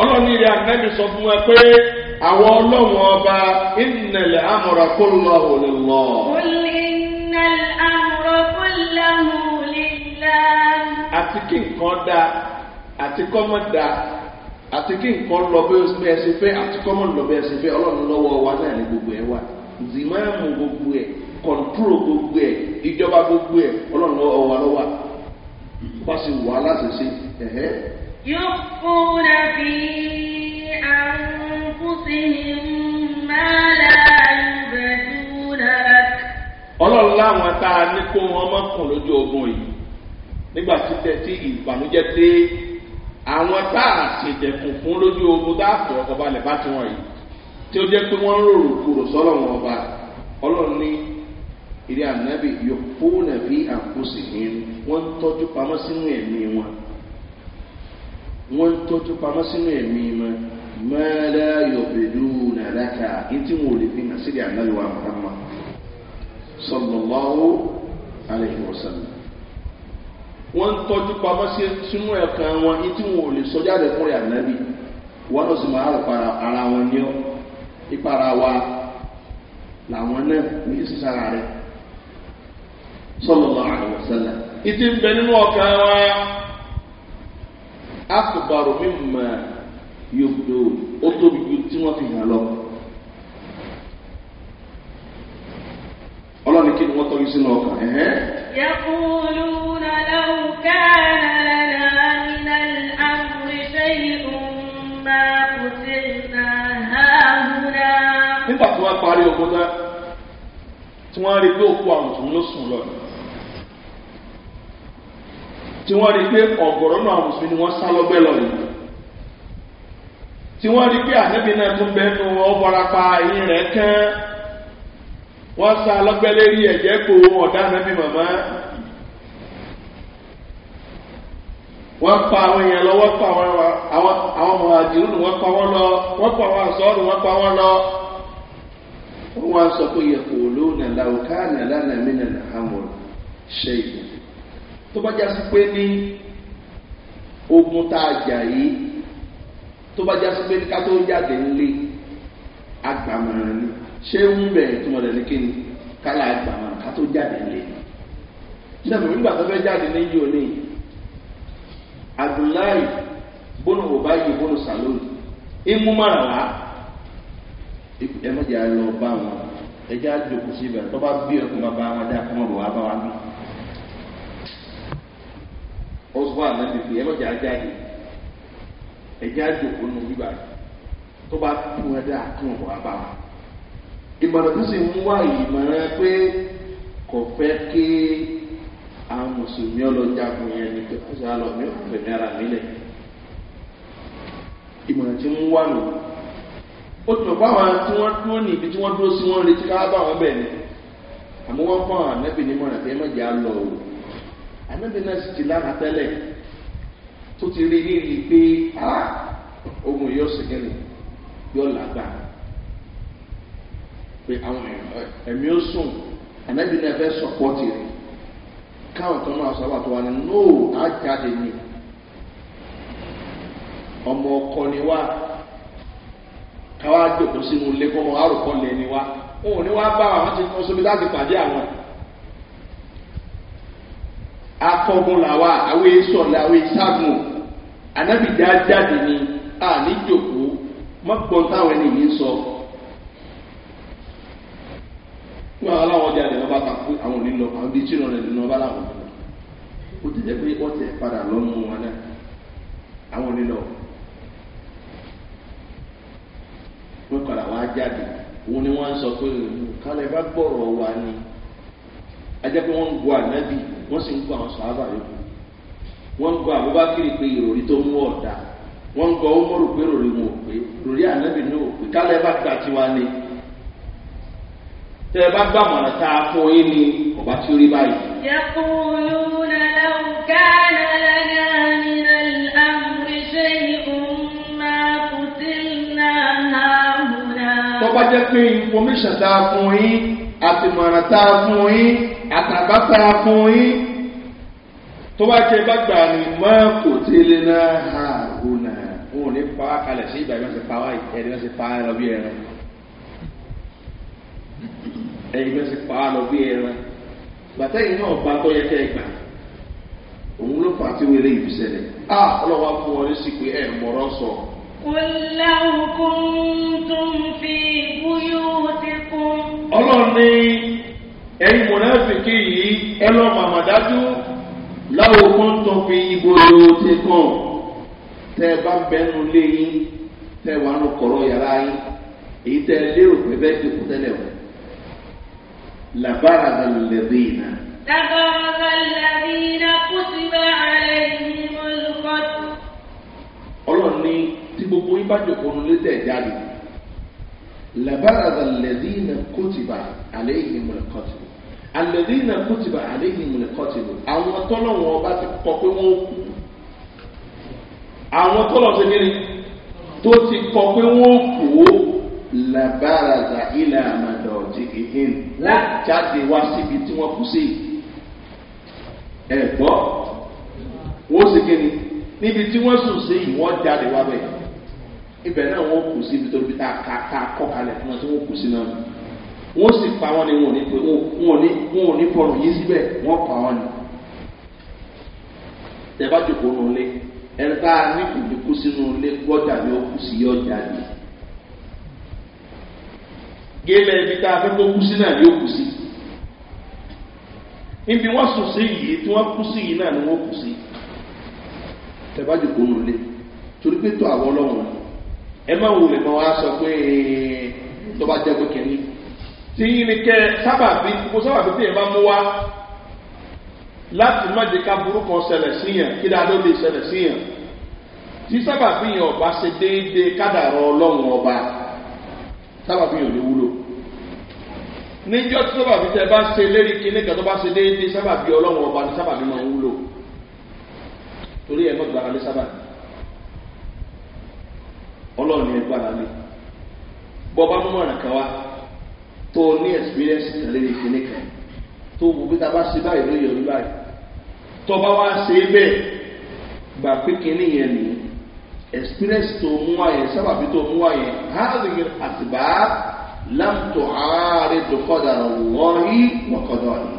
S2: ọlọ́run ní ilé anábì sọ fún wa pé àwọn ọlọ́run ọba ìnàlẹ̀ amọ̀ra kó lọ òlè lọ.
S1: ìnàlẹ̀ amọ̀ra kó lọ òlè lọ.
S2: àti kí nǹkan da àti kọ́mọ̀ da àti kí nǹkan lọ bí ẹ ṣe fẹ́ àti kọ́mọ̀ lọ bí ẹ ṣe fẹ́ ọlọ́run lọ́wọ́ wa náà ní gbogbo ẹ wà zimamu gbogbo ẹ kọ̀ǹtúrò gbogbo ẹ ìjọba gbogbo ẹ ọlọ́run lọ́wọ́ wa lọ́wọ́
S1: àwọn في أنفسهم ما لا يبدون
S2: kó wọn mọ́kàn lójú ogun yìí nígbà títẹ tí ìbànújẹ dé àwọn tá ṣèjẹkùn fún lójú ogun tá a yìí tí ó pé wọn sọlọ wọn ọba ní ànábì yòókù nàbí àkóso sínú wọn. wọ́n tọ́jú pamọ́ sínú ẹ̀mí wọn mẹ́lá yọ̀bẹ̀dù nàdáka etí wọn ò lè fi hàn sílẹ̀ ànáyẹ̀wò àmàmà sọlọ́láwó aleyhi wa sallam. wọ́n tọ́jú pamọ́ sínú ẹ̀kan wọn etí wọn ò lè sọjá rẹ̀ ànábì wọ́n lọ sí máa rọ̀ ara wọn ní ọ́ ìpara wa làwọn náà ní sísára rẹ̀ sọlọ́láwó aleyhi wa sallam. ń bẹ nínú ọ̀kan wa. akubaru mímọ yògbò o tobi ju tí wọn lọ. ọlọ́ni kí ni wọ́n tọ́jú sínú ọkàn.
S1: يقولون لو كان لنا من الأمر شيء ما قتلنا هاهنا. nígbà tí wọ́n parí
S2: ọkọ̀ tí wọ́n rí pé òkú àwọn tí wọ́n rí pé ọ̀gọ̀rọ̀ náà mùsùlùmí ni wọ́n sá lọ́gbẹ́ lọ yìí tí wọ́n rí pé ànábì náà tún bẹ́ẹ̀ nu wọn bọ́ra pa ẹ̀yìn rẹ̀ kán wọ́n sá lọ́gbẹ́ lérí ẹ̀jẹ̀ kó ọ̀dá màmá lọ wọ́n pa àwọn wọ́n pa wọ́n lọ wọ́n pa àwọn wọ́n pa wọ́n lọ wọ́n wá sọ pé yẹ kò tó bá jásí pé ní ogun tá a jà yìí tó bá jásí pé ní ká tó jáde ńlé agbàmọ̀ràn ni ṣé ń bẹ̀ ìtumọ̀ rẹ̀ ní kíni kálá agbàmọ̀ràn ká tó jáde ńlé nígbà tó nígbà tó fẹ́ jáde ní yìí ò ní abdullahi bónú ọba yìí bónú saloni imú mara wa ẹ má jẹ́ àlọ́ bá wọn ẹ jẹ́ àjòkó síbẹ̀ tó bá bí ọkùnrin bá wọn dá kọ́mọ́rù wa bá wọn bí ó sọ fún ànábì pé ẹ lọ́jà ajáde ẹ̀jẹ̀ àjòkó nù bíbá tó bá kún ẹ dáa kún ọ̀bọ̀ abá wa. ìmọ̀ràn tó sì ń wá ìmọ̀ràn pé kò fẹ́ kí àwọn mùsùlùmí ọlọ́jàgùn yẹn ni pé ó sì á lọ mí ò ara mi lẹ̀. ìmọ̀ràn tí ń wá nù ó tún bá wọn tí wọ́n dúró ní ibi tí wọ́n dúró sí wọn retí ká bá wọn bẹ̀ ni àmọ́ mọ̀ràn pé ẹ ànábì náà sì ti lára tẹ́lẹ̀ tó ti rí rírì pé ogun yóò sì kẹ́lẹ̀ yóò lágbà pé àwọn ẹ̀mí ó sùn ànábì náà fẹ́ sọ̀pọ̀tì rẹ̀ káwọn kan máa sábà tó wà ní nóò á jáde ni ọmọ ọkọ ni wá káwá jòkó sínú ilé kọ́mọ arúkọ lẹ́ni wá òun ni wá bá àwọn ti kọ́ sóbi láti pàdé àwọn. akọgun làwa àwọn èso anabi dáadáa ni a níjòkó mọ́gbọ́n táwọn ẹni yìí ń sọ. wọ́n àwọn aláwọ̀ jáde lọ́ba kà pé àwọn onílọ àwọn bíi ọba làwọn ọ̀dọ́ o ti jẹ́ pé wọ́n padà wọn àwọn onílọ. jáde ni sọ pé wa ni ajẹ́ pé wọ́n wọ́n sì ń gbọ́ àwọn sọ̀rọ̀ àbáyọ̀kù wọ́n ń gbọ́ àbúbákiri pé ìròrí tó mú ọ̀dà wọ́n ń gbọ́ ó mọ̀rò pé ròrí wọn ò ròrí ànábì ní òpè kálẹ̀ bá gba tiwa ni tẹ́ ẹ bá gbà mọ̀nà tá a fún yín ni ọ̀bá tí ó rí báyìí.
S1: يقولون
S2: jẹ́ pé information tá a fún yín àtìmọ̀ràn tá a fún yín àtàbátà fún yín tó bá jẹ gbàgbà ni má kò tẹ́lẹ̀ náà hà ònà òun ò ní pa á kalẹ̀ sí ìgbà ìgbà ṣe pa wá ẹni wọ́n ṣe pa á lọ bí ẹran ẹni wọ́n ṣe pa á lọ bí ẹran gbàtẹ́yìn náà bá tọ́ yẹ kẹ́ gbà òun ló fà á tí wọ́n èyí fi fún wọn sí pé ẹ̀ mọ̀rọ̀ sọ.
S1: kùlàkùn tún fi búyú ti kún. ọlọ́run
S2: ẹ̀yin mọ̀nàfíkì yìí ẹ lọ màmá dájú láwo kan tó fi ìgboro ti kàn tẹ́ ẹ bá bẹnu lé yín tẹ́ ẹ wà nù kọ̀rọ̀ yàrá yín èyí tẹ́ ẹ lérò pé bẹ́ẹ̀ ti kú tẹ́lẹ̀ wọ̀ làbára lẹ́bí náà.
S1: تبرز الذين كتب عليهم القتل
S2: ọlọ́run ní tí gbogbo yín bá jòkó ní létẹ̀ jáde làbára lẹ́dínà kùtìbà àléhìn mọ̀lẹ́kọ̀tì àlẹ́rí iná kùtìbà àléhìn ìmùlẹ̀kọ́tìbò àwọn tọ́lọ́wọ́n ọba ti kọ pé wọ́n kú àwọn tọ́lọ̀ ṣe kiri tó ti kọ pé wọ́n kú labaraza ilẹ̀ àmàlà ọ̀jẹ̀ ìhìn lájáde wá síbi tí wọ́n kú sí ẹ̀gbọ́ wọ́n ṣe kiri níbi tí wọ́n sùn sí ìwọ́n jáde wá bẹ̀ ibẹ̀ náà wọ́n kù síbi tó bí ká kọ́ kalẹ̀ fún wọn tí wọ́n kù sí náà wọ́n sì pa wọ́n ni wọ́n ní pé wọ́n ní fọ̀rọ̀ yìí síbẹ̀ wọ́n pa wọ́n ni. tẹ̀bá jòkó nù lé ẹni tá a ní kò kú sínú lé gbọ́dà ni ó kú sí yọ jáde. gélé ibi tá a fẹ́ kó kú sí náà ni ó kú sí. níbi wọ́n sùn sí yìí tí wọ́n kú sí yìí náà ni wọ́n kú sí. tẹ̀bá nù lé torí pé tó àwọn ọlọ́run ẹ máa wulẹ̀ máa wá sọ pé tó jẹ́ pé kẹ́ni tí yín ni kẹ́ sábàbí gbogbo sábàbí tí yẹn bá mú wá láti má jẹ́ ká burúkọ ṣẹlẹ̀ sí yẹn kí dáadọ́ lè ṣẹlẹ̀ sí yẹn tí sábàbí yẹn ọba ṣe déédéé kádàrọ ọlọ́run ọba sábàbí yẹn ò ní wúlò níjọ́ tí sábàbí tẹ bá ṣe lérí kíní kan bá ṣe déédéé sábàbí ọlọ́run ọba ní sábàbí máa wúlò torí ẹ̀ mọ́tò gbàgbé sábàbí ọlọ́run ni ẹ gbàgbé bọ́ bá mú mọ̀ràn kan wá tó o ní experience kan lórí ìpínlẹ̀ kan tó o wò pé ta bá ṣe báyìí ló yẹ orí báyìí tó o bá wá ṣe é bẹ́ẹ̀ gbà pé kínní yẹn ni experience tó o mú wáyé sábàbí tó o mú wáyé hàlùyẹ àtìbá lámtò ààrẹ dòkọ́dà lọ́rí wọ́kọ́dọ̀ ni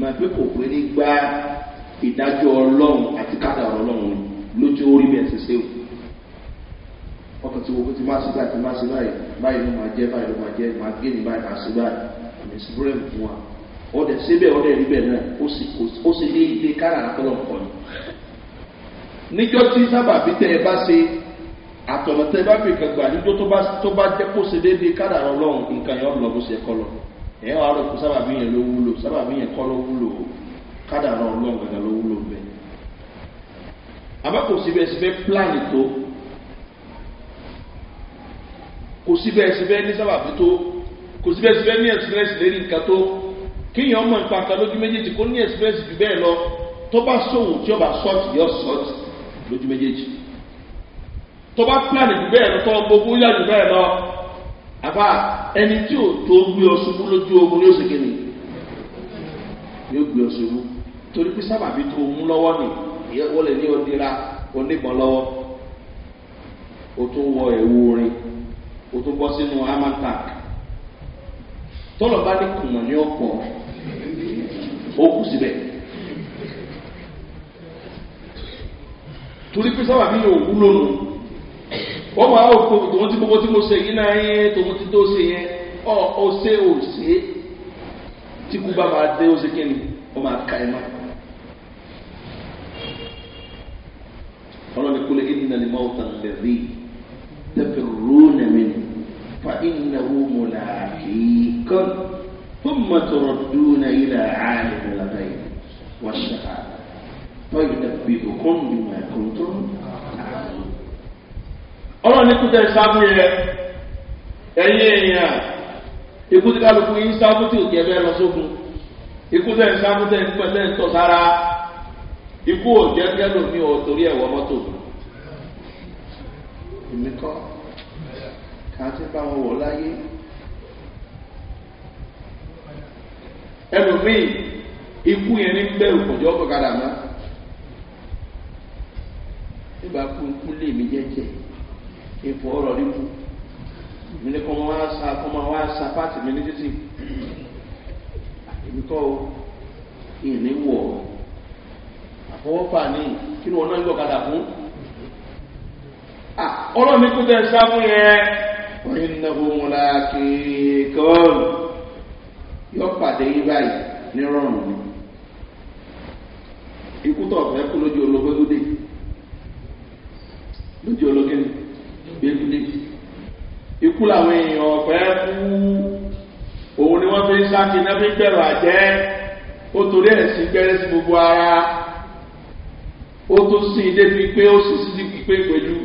S2: mà pé kò pé ní gba ìdájọ́ ọlọ́run àti kádà ọlọ́run lójú orí bẹ́ẹ̀ ṣe ṣe wò ọkàn tí gbogbo ti máa sí báyìí ti máa sí báyìí báyìí ló máa jẹ báyìí ló máa jẹ máa gé ní báyìí máa sí báyìí kò sí búrẹ́mù fún wa ọdẹ síbẹ̀ ọdẹ rí bẹ́ẹ̀ náà ó sì lé ilé kára àtọ́lọ̀ kọ́ ni. níjọ́ tí sábàbí tẹ́ ẹ bá ṣe àtọ̀nà tẹ́ ẹ bá fi kàn gbà níjọ́ tó bá jẹ́ kó ṣe déédéé kára ọlọ́run nǹkan yẹn ọ̀dọ̀ bó kọ́ lọ ẹ̀ àbá kò síbẹ̀ síbẹ̀ pílánì tó kò síbẹ̀ síbẹ̀ ní sábàbí tó kò síbẹ̀ síbẹ̀ ní ẹ̀sìrẹ́sì lérí nǹkan tó kéèyàn mọ̀ nípa kan lójú méjèèjì kó ní ẹ̀sìrẹ́sì jù bẹ́ẹ̀ lọ tó bá sòwò tí ó bá sọ́ọ̀tì yọ sọ́ọ̀tì lójú méjèèjì tó bá pílànì jù bẹ́ẹ̀ lọ tó gbogbo yà jù bẹ́ẹ̀ lọ àbá ẹni tí ò tó gbé ọ ṣubú lójú ogun ní oṣù kìíní yóò gbé ọ ṣubú torí pé sábàbí tó mú lọ́wọ́ nì wọ́n lè ní ọdira onígbọ̀n lọ́wọ́ o tún wọ ẹ̀wù kò tó bọ́ sínú amatak tọ́lọ̀ de ní kùmọ̀ ní ọ̀pọ̀ ó kù síbẹ̀ torí pé sábà bí yóò wúlò nù wọ́n máa ó kó tòun ti gbogbo tí mo ṣe yìí náà yẹn tòun ti tó ṣe yẹn ọ ọ ṣe ò ṣe tí kú bá máa dé ó ṣe kí ni wọ́n ka ẹ̀ máa. ọlọ́ni kúlẹ̀ ìdí náà ni máa ń lẹ́rìí. تفرون منه فإنه ملاقيكم ثم تردون إلى عالم الغيب والشهادة فينبئكم بما كنتم تعملون ọlọ́run ní kúta ìsáàbù yẹ ẹ̀yìn èèyàn ikú tí kálukú yín sáàbù tí òkè ẹgbẹ́ lọ sókun ikú tẹ̀ ìsáàbù tẹ̀ ń pẹ̀lẹ́ ń tọ̀ sára ikú òjẹ́jẹ́ lòmí ò torí àti bá wọn wọ̀ láyé ẹlòmíì ikú yẹn ní bẹ́ẹ̀ òkòjọ́ ọ̀kadà mọ́ nígbà kú ikú lè mí jẹ́jẹ́ ipò ọ̀rọ̀ níbu mi ní kọ́ máa sa kọ́ máa wá sa pàtì mi ní títì èmi kọ́ ìní wọ̀ àfọwọ́fà ní kí ni wọn náà ń gbọ̀kadà fún ọlọ́run ní kú tẹ̀ ń yẹn ìnáwó múláàkì kọ́ọ̀lù yóò pàdé yín báyìí ní rọrùn ni ikú tó ọ̀fẹ́ kú lójú olóògbégúdé lójú olóògbégúdé gbégúdé ikú làwọn èèyàn ọ̀fẹ́ kú òun ni wọ́n fi ń sáàkì náà fi ń bẹ̀rù àjẹ́ ó torí ẹ̀ sí gbẹ́rẹ́ sí gbogbo ara ó tún sí i débi pé ó sì sí i pé pẹ̀lú.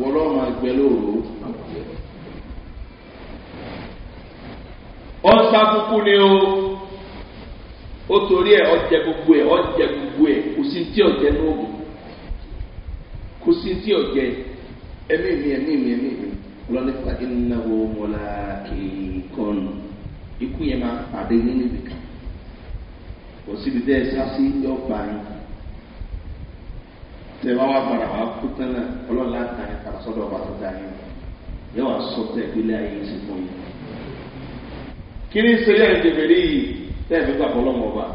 S2: wọ́n lọ́ọ́ máa gbẹ lóòrò. ó kúkú ni o ó torí ẹ ọjẹ gbogbo ẹ ọjẹ gbogbo ẹ kò sí tí ọjẹ n'oògùn kò sí tí ọjẹ ẹmí mi ẹmí mi ẹmí mi lọ́nìfà ìnáwó mọ́lá kìíkọ́nù ikú yẹn máa pàdé nínú ibìkan kò tẹ bá wà padà wà kú tán náà ọlọ́run láti tàn yín padà sọ́dọ̀ ọba tó dá yín yóò wá sọ tẹ ìpínlẹ̀ ayé ti fún yín. kí ni sẹ́yìn ìdèbèrè yìí tẹ́ ẹ̀ fi gbà fọlọ́ wọn bá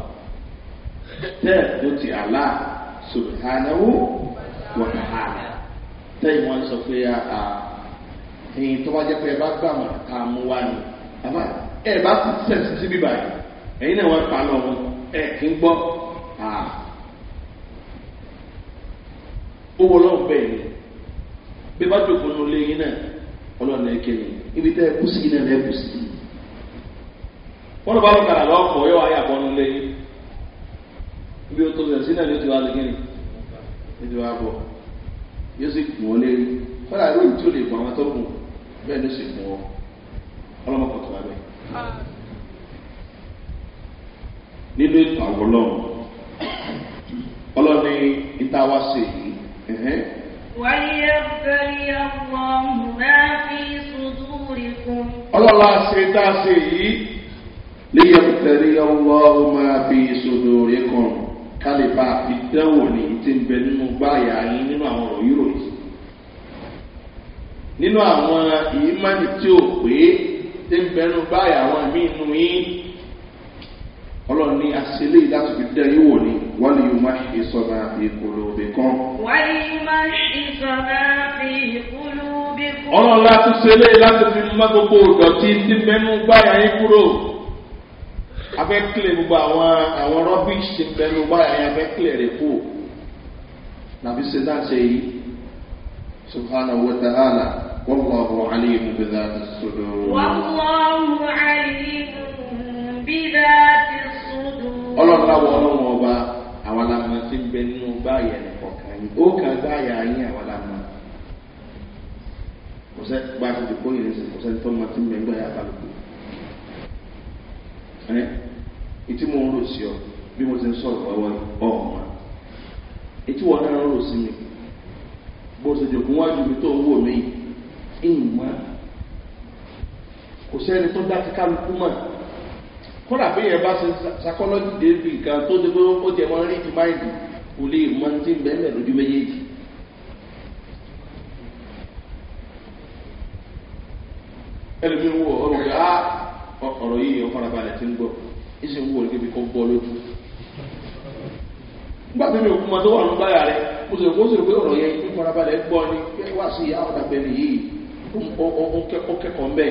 S2: tẹ́ ẹ̀ tó ti àlá sùdùkánáwó wọ̀n àlá tẹ́ ìwọ̀n sọ pé a ẹ̀yin tó bá jẹ́ pé ẹ bá gbà wọn ká mú wá ni àbá ẹ bá ti sẹ̀ sí bíbáyìí ẹ̀yin náà wọ́n pa ó wọ ọlọ́run bẹ́ẹ̀ ni bí bá jòkó nu lé yín náà ọlọ́run ẹ̀ kéde ibi tẹ́ ẹ kú sí náà ẹ kú sí. wọ́n lọ bá lọ kàrà lọ́kọ̀ọ́ yóò wáyà bọ́ nu lé yín ibi tó bẹ̀rẹ̀ sí náà ló ti wá lé kíni ètò àbọ̀ yóò sì kùn ọ́ lérí fọlá ìwé ìtú lè gbọ́n àwọn tó bẹ́ẹ̀ ló sì kùn ọ́ ọlọ́mọkàn tó wà bẹ́ẹ̀. nínú ètò àwòlọ́ọ̀ ọlọ́ni ìta wá sí yìí. Mhm.
S1: ọlọ́lá ṣe tá a ṣe
S2: yìí léyìn tẹ̀lé ọwọ́ ọmọ àfi ìṣòdò rẹ̀ kan kálífà ìdánwò ní ti ń bẹ nínú gbáyà yín nínú àwọn ọ̀rọ̀ yúrò yìí nínú àwọn ìmánì tí ò pé ti ń bẹ nínú gbáyà àwọn míì nù yín ọlọ́run ní àṣẹlẹ̀ láti fi dẹ́ yín wò ní. وليمحص ما في قلوبكم
S1: وليمحص ما في قلوبكم láti ṣe láti
S2: fi mọ́ ìdọ̀tí tí mẹ́nu gbáyà yín kúrò gbogbo àwọn àwọn rọ́bìṣ tí mẹ́nu gbáyà yín abẹ́ rẹ̀ kú nàbí ṣe subhana wa
S1: ta'ala àwọn alamọ
S2: ti ń bẹ nínú báyà nìkọ̀ọ̀kan yìí ó kàn báyà yín àwọn alamọ kò sẹ́ bá a ti di kóyè ní sè kò sẹ́ tó ma ti ń bẹ nígbà yà kálukú ẹ ìtí mo ń rò sí ọ bí mo ti ń sọ̀rọ̀ ọwọ́ ọ̀hún ìtí wọn náà ń rò sí mi bó ṣe jòkó wájú mi tó ń wò mí ìmọ̀ kò sẹ́ni tó dá kálukú mọ̀. kódà bí yẹn bá ṣe sakọ́lọ́jì débi kan tó ti pé ó jẹ mọ́ rí ju máìlì kò lè mọ ti bẹ́ẹ̀ lójú méjèèjì. ẹlòmí ń wọ ọrọ gbé ah ọ̀rọ̀ yìí ọ̀farabalẹ̀ ti ń gbọ́ ìṣe ń wọ níbi lójú. nígbà tí mi ò kúmọ tó wà ní báyà rẹ mo sì pé yẹn ni wá sí àwọn ó kẹ́kọ̀ọ́ mbẹ́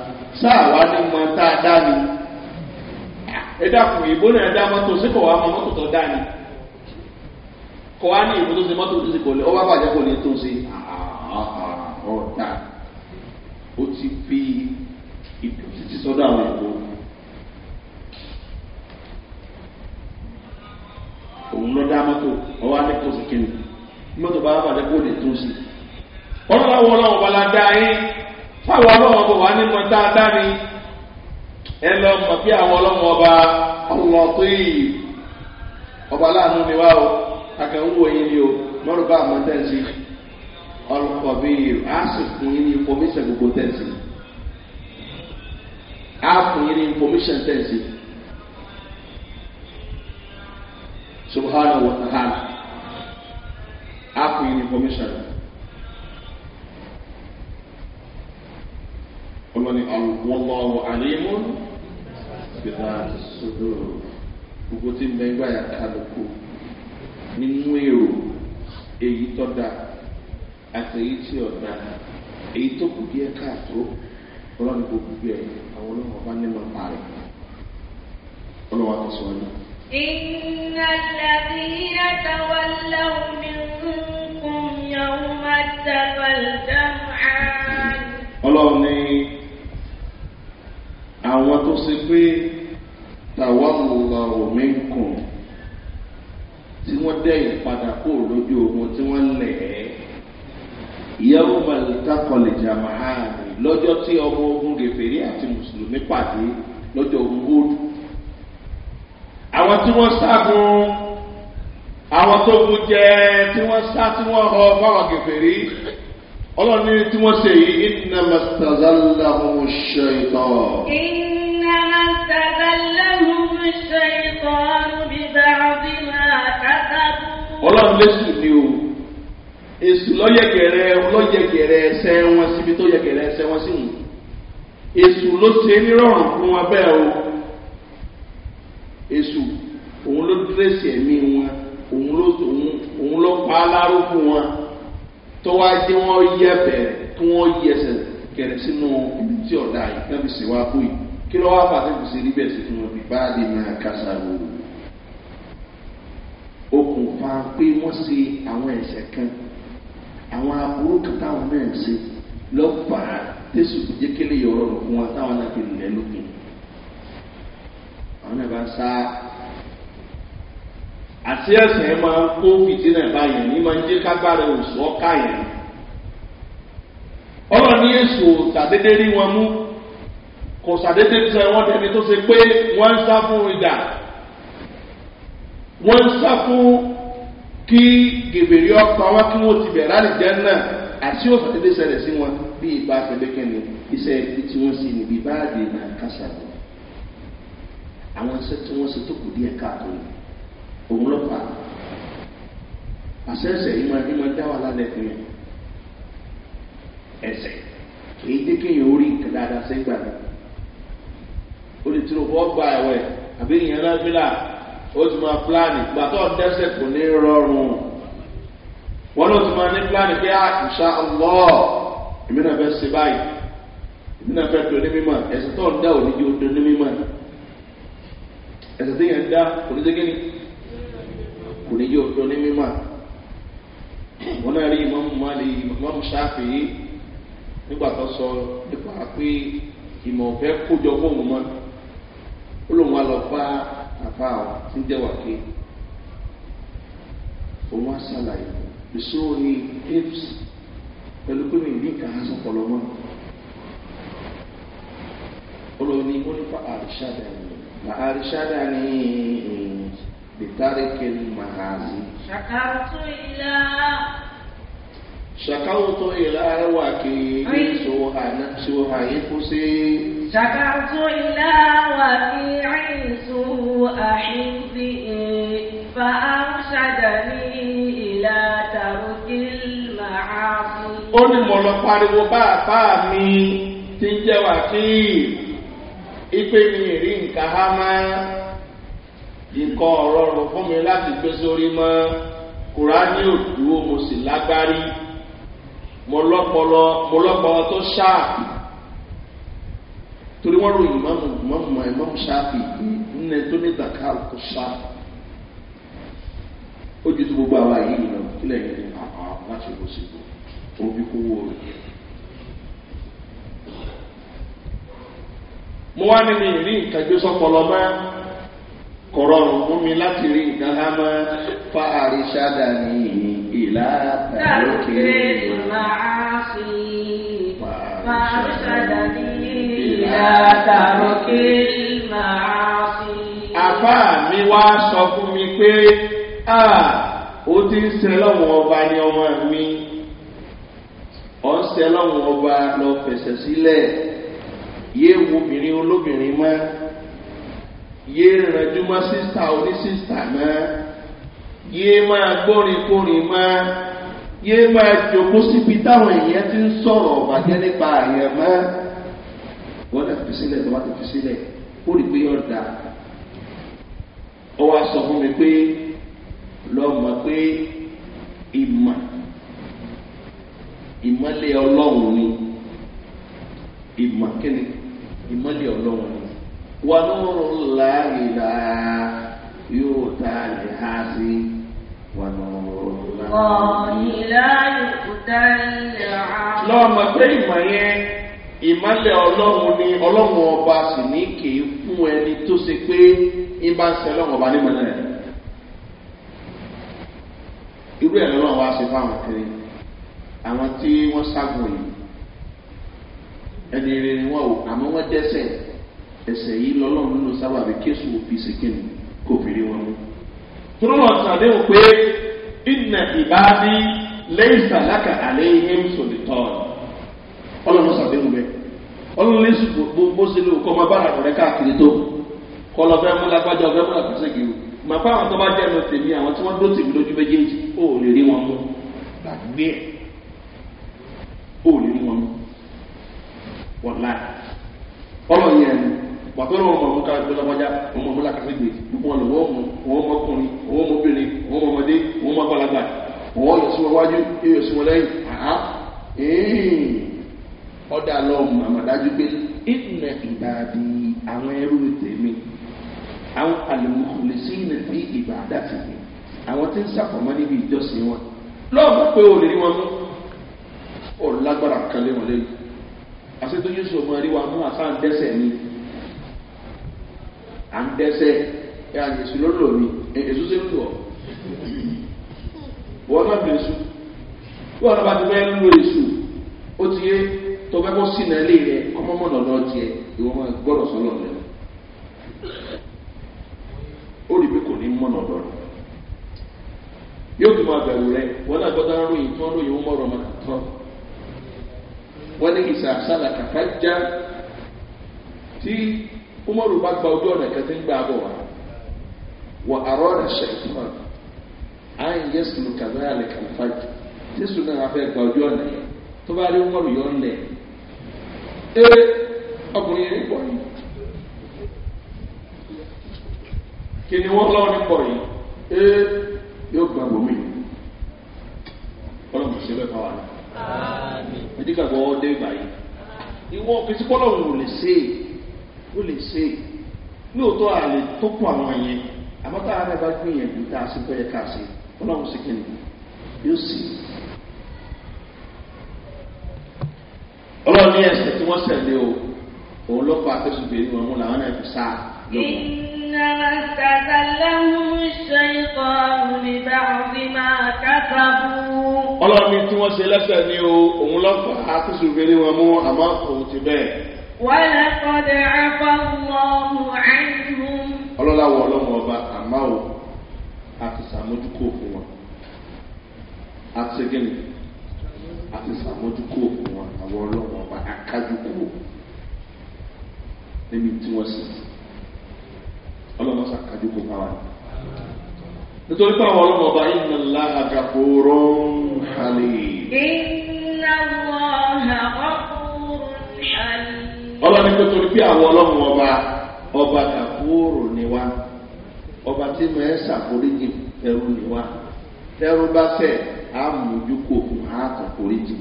S2: sáà wá ní mọ tá a dá ni ẹ dàkùn ìbò náà dá mọ́tò sí kò wá mọ mọ́tò tó dá ni kò wá ní ìbò tó ṣe mọ́tò tó ṣe kò lè ọba bàjẹ́ kò lè tó ṣe ọ̀dà ó ti fi ìdọ̀tí ti sọ́dọ̀ àwọn ìbò. òun lọ dá mọ́tò ọwọ́ adé tó ṣe kíni mọ́tò bá bàjẹ́ kò lè tó ṣe ọlọ́wọ́ ọlọ́wọ́ bá la dá yín. fáwọn ọlọ́wọ́n bọ̀ wá nínú dáadáa ni ẹ lọ mọ̀ bí àwọn ọlọ́wọ́n ọba ọlọ́tìrì ọba láàánú ni wá o akẹ́wọ́ yín ni o lọ́rùn bá àmọ́ tẹ̀sí ọlọ́kọ̀ bí àsìkò yín ni information gbogbo tẹ̀sí àpò yín ni information tẹ̀sí subhanahu wa ta'ala àpò yín ni information tẹ̀sí. ọlọ́ni ọ̀wọ́lọ́wọ́ àlímú gbèdá sódò gbogbo tí mẹ́gbà yà kálukú nínú èrò èyí tó da àti èyí tí ò da èyí tó kù díẹ̀ káàtó ọlọ́ni gbogbo ẹ̀ àwọn ọlọ́wọ́ bá nínú parí ọlọ́wọ́ àtọ́sọ́ọ́nù.
S1: إن الذين تولوا منكم يوم التقى الجمعان
S2: àwọn tó ṣe pé tàwa mùlá omi ń kùn tí wọ́n dẹ́yìn padà kó lójú ogun tí wọ́n lẹ̀ ẹ́ ìyàwó màlítàkọ̀lì jàmáhàmì lọ́jọ́ tí ọmọ ogun rèfèrè àti mùsùlùmí pàdé lọ́jọ́ ogun hóòdù àwọn tí wọ́n ságun àwọn tó kú jẹ tí wọ́n sá tí wọ́n họ fáwọn kẹfẹ́rí ọlọ́run ní tí wọ́n ṣe yìí iná mẹ́tàzálà ọmọ ṣe ìtọ́.
S1: iná mẹ́tàzálà ọmọ ṣe ìtọ́ bíbá ọdí máa kátákù.
S2: ọlọ́run lẹ́sù ni o èsù lọ́yẹ̀gẹ̀rẹ̀ lọ́yẹ̀gẹ̀rẹ̀ ẹsẹ̀ wọn síbi tó yẹ̀gẹ̀rẹ̀ ẹsẹ̀ wọn sí wọn èsù ló ṣe nírọ̀rùn fún wọn bẹ́ẹ̀ o èsù òun ló dírẹ́sì ẹ̀mí wọn òun ló pa á láró wọn tó wá dé wọn yẹ bẹrẹ kí wọn yẹ ẹsẹ kẹrẹ sínú ibi tí ọ̀dà yìí kí wọn fi ṣe wá kú yìí kí ló wá pàṣẹ kò sí rí bẹ́ẹ̀ sí fún wọn a báàdì máa kásá lò ó okùnfà pé wọ́n ṣe àwọn ẹ̀sẹ̀ kan àwọn aburú kan táwọn náà ń ṣe lọ́pàá tẹ̀sùn kò jẹ́ kí lè yọ ọ̀rọ̀ fún wọn táwọn náà fi lẹ́ lópin àwọn náà bá ń sá àti ẹsẹ̀ máa ń kó fìdínà báyẹn ní máa ń jẹ́ kágbára òṣù ọ̀ka yẹn ọlọ́ọ̀ni èso tàdédé rí wọn mú kò sàdédé tẹ wọn dẹni tó ṣe pé wọ́n ń sá fún ìdà wọ́n ń sá fún kí gèbèrè ọ̀pá kí wọ́n ti bẹ̀rẹ̀ náà àti ó sàdédé ṣẹlẹ̀ sí wọn bí ìgbà àwọn iṣẹ́ tí wọ́n ṣe tó kù òun ló fà á àṣẹ̀ṣẹ̀ yìí máa ń máa dá wà lálẹ́ fún yẹn ẹsẹ̀ èyí tí kéèyàn ó rí nǹkan dáadáa sẹ́gbà rẹ̀ ó lè tún ọkọ̀ ọgbà ẹ̀wẹ̀ àbí ìyẹn lábílà ó ti máa pílánì gbà tó ń dẹ́sẹ̀ kò ní rọrùn wọn ló ti máa ní pílánì pé àìsà ah, ọlọ́ èmi náà fẹ́ ṣe báyìí èmi náà fẹ́ do ní mímọ́ ẹ̀sìn tó ń dá òní ju do ní mímọ́ ẹ̀sìn tí yẹn dá òní jẹ́ kí ni kò ní yóò tó ní mímọ́ wọn náà rí ìmọ̀mù mọ́lẹ̀ ìmọ̀mù ṣáfì yìí nígbà tó sọ nípa pé ìmọ̀ ọ̀fẹ́ kójọ fóun mọ́ ó lóun wá lọ bá àbá àwọn tí ń jẹ́wà ké òun wá ṣàlàyé ìṣòro ní apes pẹ̀lú pé mi ní ìkàrà sọ̀pọ̀lọ́ mọ́ olóòní ó ní fa àrísádà ni àrísádà ni. بتارك المعاصي
S1: شكرت إلى
S2: شكوت إلى وكيل سوء سوء نفسي شكرت
S1: إلى وكيل سوء حفظي فأرشدني إلى ترك المعاصي ó ní mo lọ pariwo
S2: bá àbá mi tí ń jẹ́ wákìlì ipe mi rí nǹkan há máa nǹkan ọ̀rọ̀ rọ̀ fún mi láti gbé sórí mọ́ kùránì òdúró mo sì lágbárí mo lọ́pọlọ mo lọ́pọlọ tó ṣáàpì torí wọ́n ròyìn mọ́mù mọ́mù mọ́mù ṣáàpì nílẹ̀ tó ní dàkà kò ṣáàpì ó ju tó gbogbo àwa yìí lọ kílẹ̀ yẹn ní àwọn láti lọ sí gbogbo òbí kó wó rẹ̀. mo wá nínú ìrí nǹkan gbé sọ́pọlọ mọ́ kò rọrùn fún mi láti rí nǹkan ká mọ́ fa àríṣádà ní ìlà tàbí òkè. Àbá mi wá sọ fún mi pé ó ti ń ṣe lọ́wọ́ ọba ní ọmọ mi ọ̀ ń ṣe lọ́wọ́ ọba lọ fẹ̀sẹ̀ sílẹ̀ yéwu obìnrin olóbìnrin mọ́ yé rìnrìnjú mọ́ sísá oní sísá mọ́ yé máa gbórin kórin mọ́ yé máa jòkó síbi táwọn èèyàn ti ń sọ̀rọ̀ ọ̀bàjẹ́ nípa àyàn mọ́ wọ́n dà fi sílẹ̀ tó bá ti fi sílẹ̀ ó rí i pé yọ̀ dà ó wá sọ fún mi pé lọ́mọ pé ìmọ̀ ìmọ̀lẹ̀ ọlọ́run ni ìmọ̀ kíni ìmọ̀lẹ̀ ọlọ́run ni wọnúurù ńlá ìlà yóò tá a lè há sí wọnúurù ńlá.
S1: ọ̀nìlá yóò tá a lè há. lọ́mọ pé
S2: ìmọ̀ yẹn ìmọ̀lẹ̀ ọlọ́run ni ọlọ́run ọba sì ní kì í fún ẹni tó ṣe pé ń bá ń ọlọ́run ọba nímọ̀lẹ̀ rẹ̀. irú ẹ̀ lọ́wọ́ wa ṣe fáwọn kiri àwọn tí wọ́n ságun yìí ẹni rere ni wọ́n wò àmọ́ wọ́n dẹ́sẹ̀. ese yìí lọ́lọ́run nínú sábà bí kéṣù òfin ṣèkínì kò fèrè wọn mú. túnúmọ̀ sàdéhùn pé ìnà ìbáàdí lẹ́yìn sàlákà àlẹ́ ihe ń sòlè tọ́ ọlọ́run sàdéhùn bẹ́ẹ̀ ọlọ́run lè sùn bó ṣe ọmọ bára rẹ̀ káàkiri tó kọ́ lọ fẹ́ mú lágbájá ọfẹ́ mú làkàṣẹ́ mà fún àwọn tó bá jẹ́ ẹnu tèmi àwọn tí wọ́n dó tèmi lójú wàtọ́nà wọn mọ̀ ká gbé lọ́kọjá wọn mọ̀ múlá kásìgbè gbogbo wọn lọ́wọ́ mọ̀ wọn mọ̀ ọkùnrin wọn mọ̀ obìnrin wọn mọ̀ ọmọdé wọn mọ̀ àgbàlagbà wọn yọ sí wọn wájú yóò yọ sí wọn lẹ́yìn àá ọ̀dà lọ màmàdájú pé ìnà ìbàdí àwọn ẹrú tèmi àwọn àlùmọ̀kùnrin sí ìnà bí ìbàdà tèmi àwọn tí ń sàpamọ́ níbi ìjọsìn wọn lọ́ọ̀bù pé ò lè rí wọn mú ò lágbára kan lé wọn lẹ́yìn àṣetò yóò à ń dẹ́sẹ̀ ẹ àjèsù ló lò mí èso ṣe ń lò ọ́ wọ́n má bẹ̀rẹ̀ sùn wọ́n bá ti lò èso ó ti yé lé rẹ ọmọ mọ̀nà tiẹ̀ máa gbọ́dọ̀ rẹ ó rí i pé kò ní mọ̀nà yóò tún máa bẹ̀rù rẹ wọ́n náà gbọ́dọ̀ tán umaru bá gba ojú ọ̀nà kẹsẹ̀ ń gbà bọ̀ wá wọ àrọ́ ọ̀nà ṣẹ̀tàn à ń yẹ sùn kàmẹ́ àlẹ́ kàmfàjì tí sùn náà fẹ́ gba ojú ọ̀nà yẹn tó bá rí umaru yọ ọ́nlẹ̀ ẹ ọkùnrin yẹn pọ̀ yìí kí ni wọ́n lọ́wọ́ ní pọ̀ yìí ẹ yóò gba bòmí ọlọ́mọ ṣe bẹ́ẹ̀ fáwọn àná ẹ̀dígbàgbọ́ dé ìgbà yìí ìwọ kìsìkọ́lọ́hùn ò lè ṣe é ó lè ṣe lóòótọ́ àlè tó kún àwọn yẹn àmọ́ tá bá gbìyànjú tá a sì bẹ́ẹ̀ ká sí ọlọ́run sì kí ni yóò sì. ọlọ́run ní ẹsẹ̀ tí wọ́n sẹ̀lé o òun ló pa àfẹ́sùgbé ní làwọn náà fi sá إنما
S1: استذلهم الشيطان لبعض ما كسبوا. ọlọ́run
S2: ní tí wọ́n ṣe lẹ́sẹ̀ ni o òun ló pa àfẹ́sùgbé ní àmọ́ òun ti bẹ́ẹ̀.
S1: ولقد عفى الله عنهم ọlọ́lá wọ ọlọ́mọ ọba àmọ́ o
S2: a ti sàmójúkò fún wọn a ti segin a ti sàmójúkò fún wọn àwọn ọlọ́mọ ọba akájúkò níbi tí wọ́n sì ọlọ́mọ sàkájúkò fún wa nítorí pé àwọn ọlọ́mọ ọba ìnàlá àgàkóró ń halè.
S1: ìnáwó.
S2: pé àwọn ọlọ́run ọba ọba kàfúrò ni wá ọba tí mo ẹ ṣàforíjì ẹrú ni wá tẹrú bá fẹ àmójúkò àkàforíjì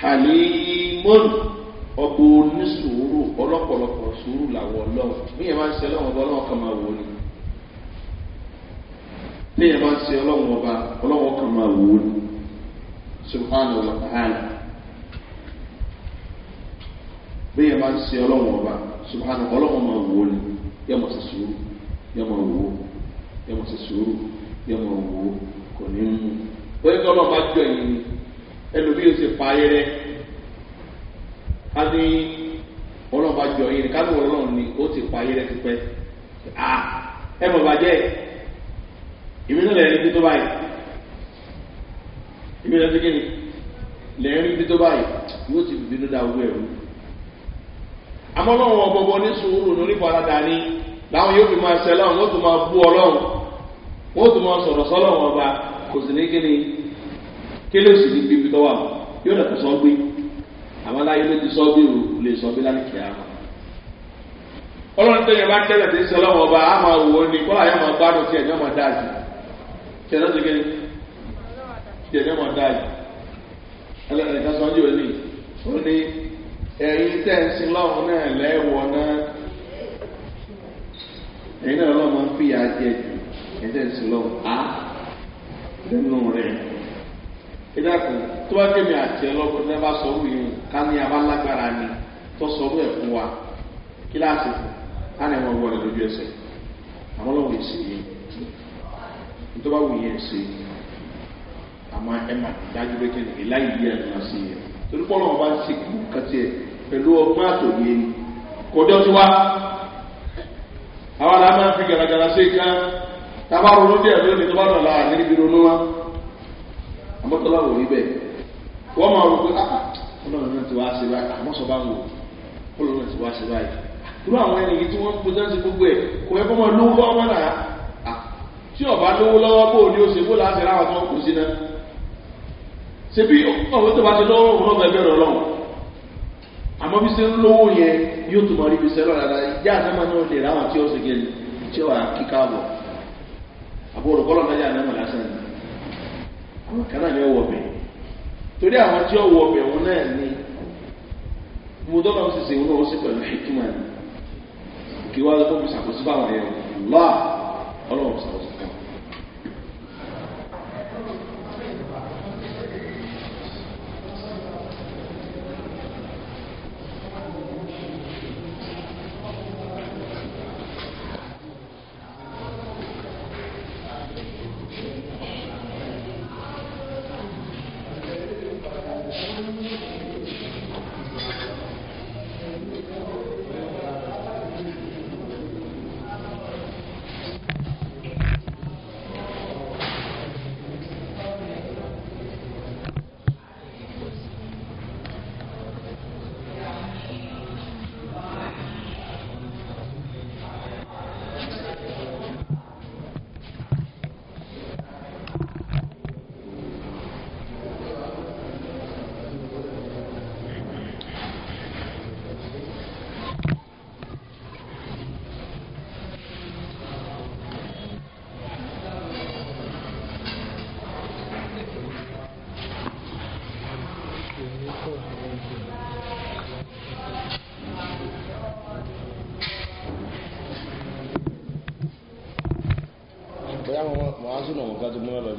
S2: halimon ọba onísùúrù ọlọpọlọpọ sùúrù làwọn ọlọrun níyẹn máa ń ṣe ọba kan máa wò ni máa ń ṣe bí yẹn bá ń se ọlọ́wọ́n ọba subahana ọlọ́wọ́n máa wò ó ni yẹ mọ̀ sí sùúrù yẹ mọ̀ wò ó yẹ mọ̀ sí sùúrù yẹ mọ̀ wò ó kò ní mú. wọ́n yẹ kí ọlọ́wọ́n bá jọ ẹ̀yìn ni ẹlòmíì ó sì pa ayé rẹ̀ á ní ọlọ́wọ́n bá jọ ẹ̀yìn ni kálù ọlọ́wọ́n ni ó ti pa ayé rẹ̀ tipẹ́ à ẹ mọ̀ bàjẹ́ ìmí náà lẹ́yìn títọ́ báyìí ìmí náà lẹ́yìn títọ́ báyìí yóò ti bínú àmọ́ lọ́wọ́ gbogbo ní sùúrù lórí farada ni làwọn yóò fi máa ṣe lọ́wọ́ wọ́n tún máa bú ọlọ́wọ́ wọ́n tún máa sọ̀rọ̀ sọ́lọ́wọ́ ọba kò sì ní kíni kílò sì ní bíbí tó wà yóò dàtọ̀ sọ gbé àmọ́ láyé ló ti sọ bí o lè sọ bí láti kìá ma. ọlọ́run tó yẹ bá tẹ́lẹ̀ tí ń ṣe lọ́wọ́ ọba á máa wò ó ní kọ́lá yóò máa gbádùn tí ẹ̀jọ́ máa dáàjì tí ẹ̀jọ́ ti kíni tí ẹ̀jọ́ máa dáàjì ẹ̀yin tẹ́ ń sin láwọn náà lẹ́wọ̀ náà ẹ̀yin náà lọ́wọ́ máa ń fìyà jẹ jù ẹ̀yin tẹ́ ń sin lọ́wọ́ á lẹ́nu rẹ̀ ẹ̀dá kan tó bá kémi àti ẹlọ́gbọ̀n náà bá sọ wù yín ká ní abálágbára ni tó sọ wù fún wa kíláàsì ní wọlé lójú àwọn èsì yìí wù yín èsì dájú pé kí ni pẹ̀lú ọgbọ́n àtòlú ẹni kọjọ́ tí wá àwọn ará máa ń fi gàràgàrà sí ìka tábà ronú díẹ̀ lónìí tó bá dọ̀ la àní níbi ronú wa àmọ́tọ́lá wò rí bẹ́ẹ̀ wọ́n máa rò pé àà ah, ah, ọlọ́run náà ti wá sí báyìí ah, àmọ́sọ̀ bá ń wò ọlọ́run náà ti wá sí báyìí irú àwọn ènìyàn tí wọ́n ń pojá sí gbogbo ẹ̀ kò yẹ kó máa lówó lọ́wọ́ mọ́ náà tí ọba lówó lọ́wọ́ bó ní oṣù bó láti ráwọn tó ń kù sí náà ṣebí ọ̀wọ́ tó bá ti lọ́wọ́ ọ̀hún ọ̀gbẹ́gbẹ́ rẹ̀ ọlọ́run àmọ́ bí ṣe ń lówó yẹn yóò tó mọ ríbi sẹ́lọ̀ rárá ìjà àdámà náà lè ráwọn tí ó sì gẹ̀ tí ó wà kíkà bọ̀ àbúrò kọ́lọ̀ náà yà àdámà lásán ni àwọn kan náà ni ó wọ̀ bẹ̀ torí àwọn tí ó wọ̀ bẹ̀ wọn náà ni mo dọ́gba sì ṣe wọn ó sì pẹ̀lú hikima ni kí wọ́n á lọ́kọ́ fi ṣàkóso báwọn yẹn lọ́à ọlọ́run ṣàkóso sínú àwọn kájú mọ́ lọ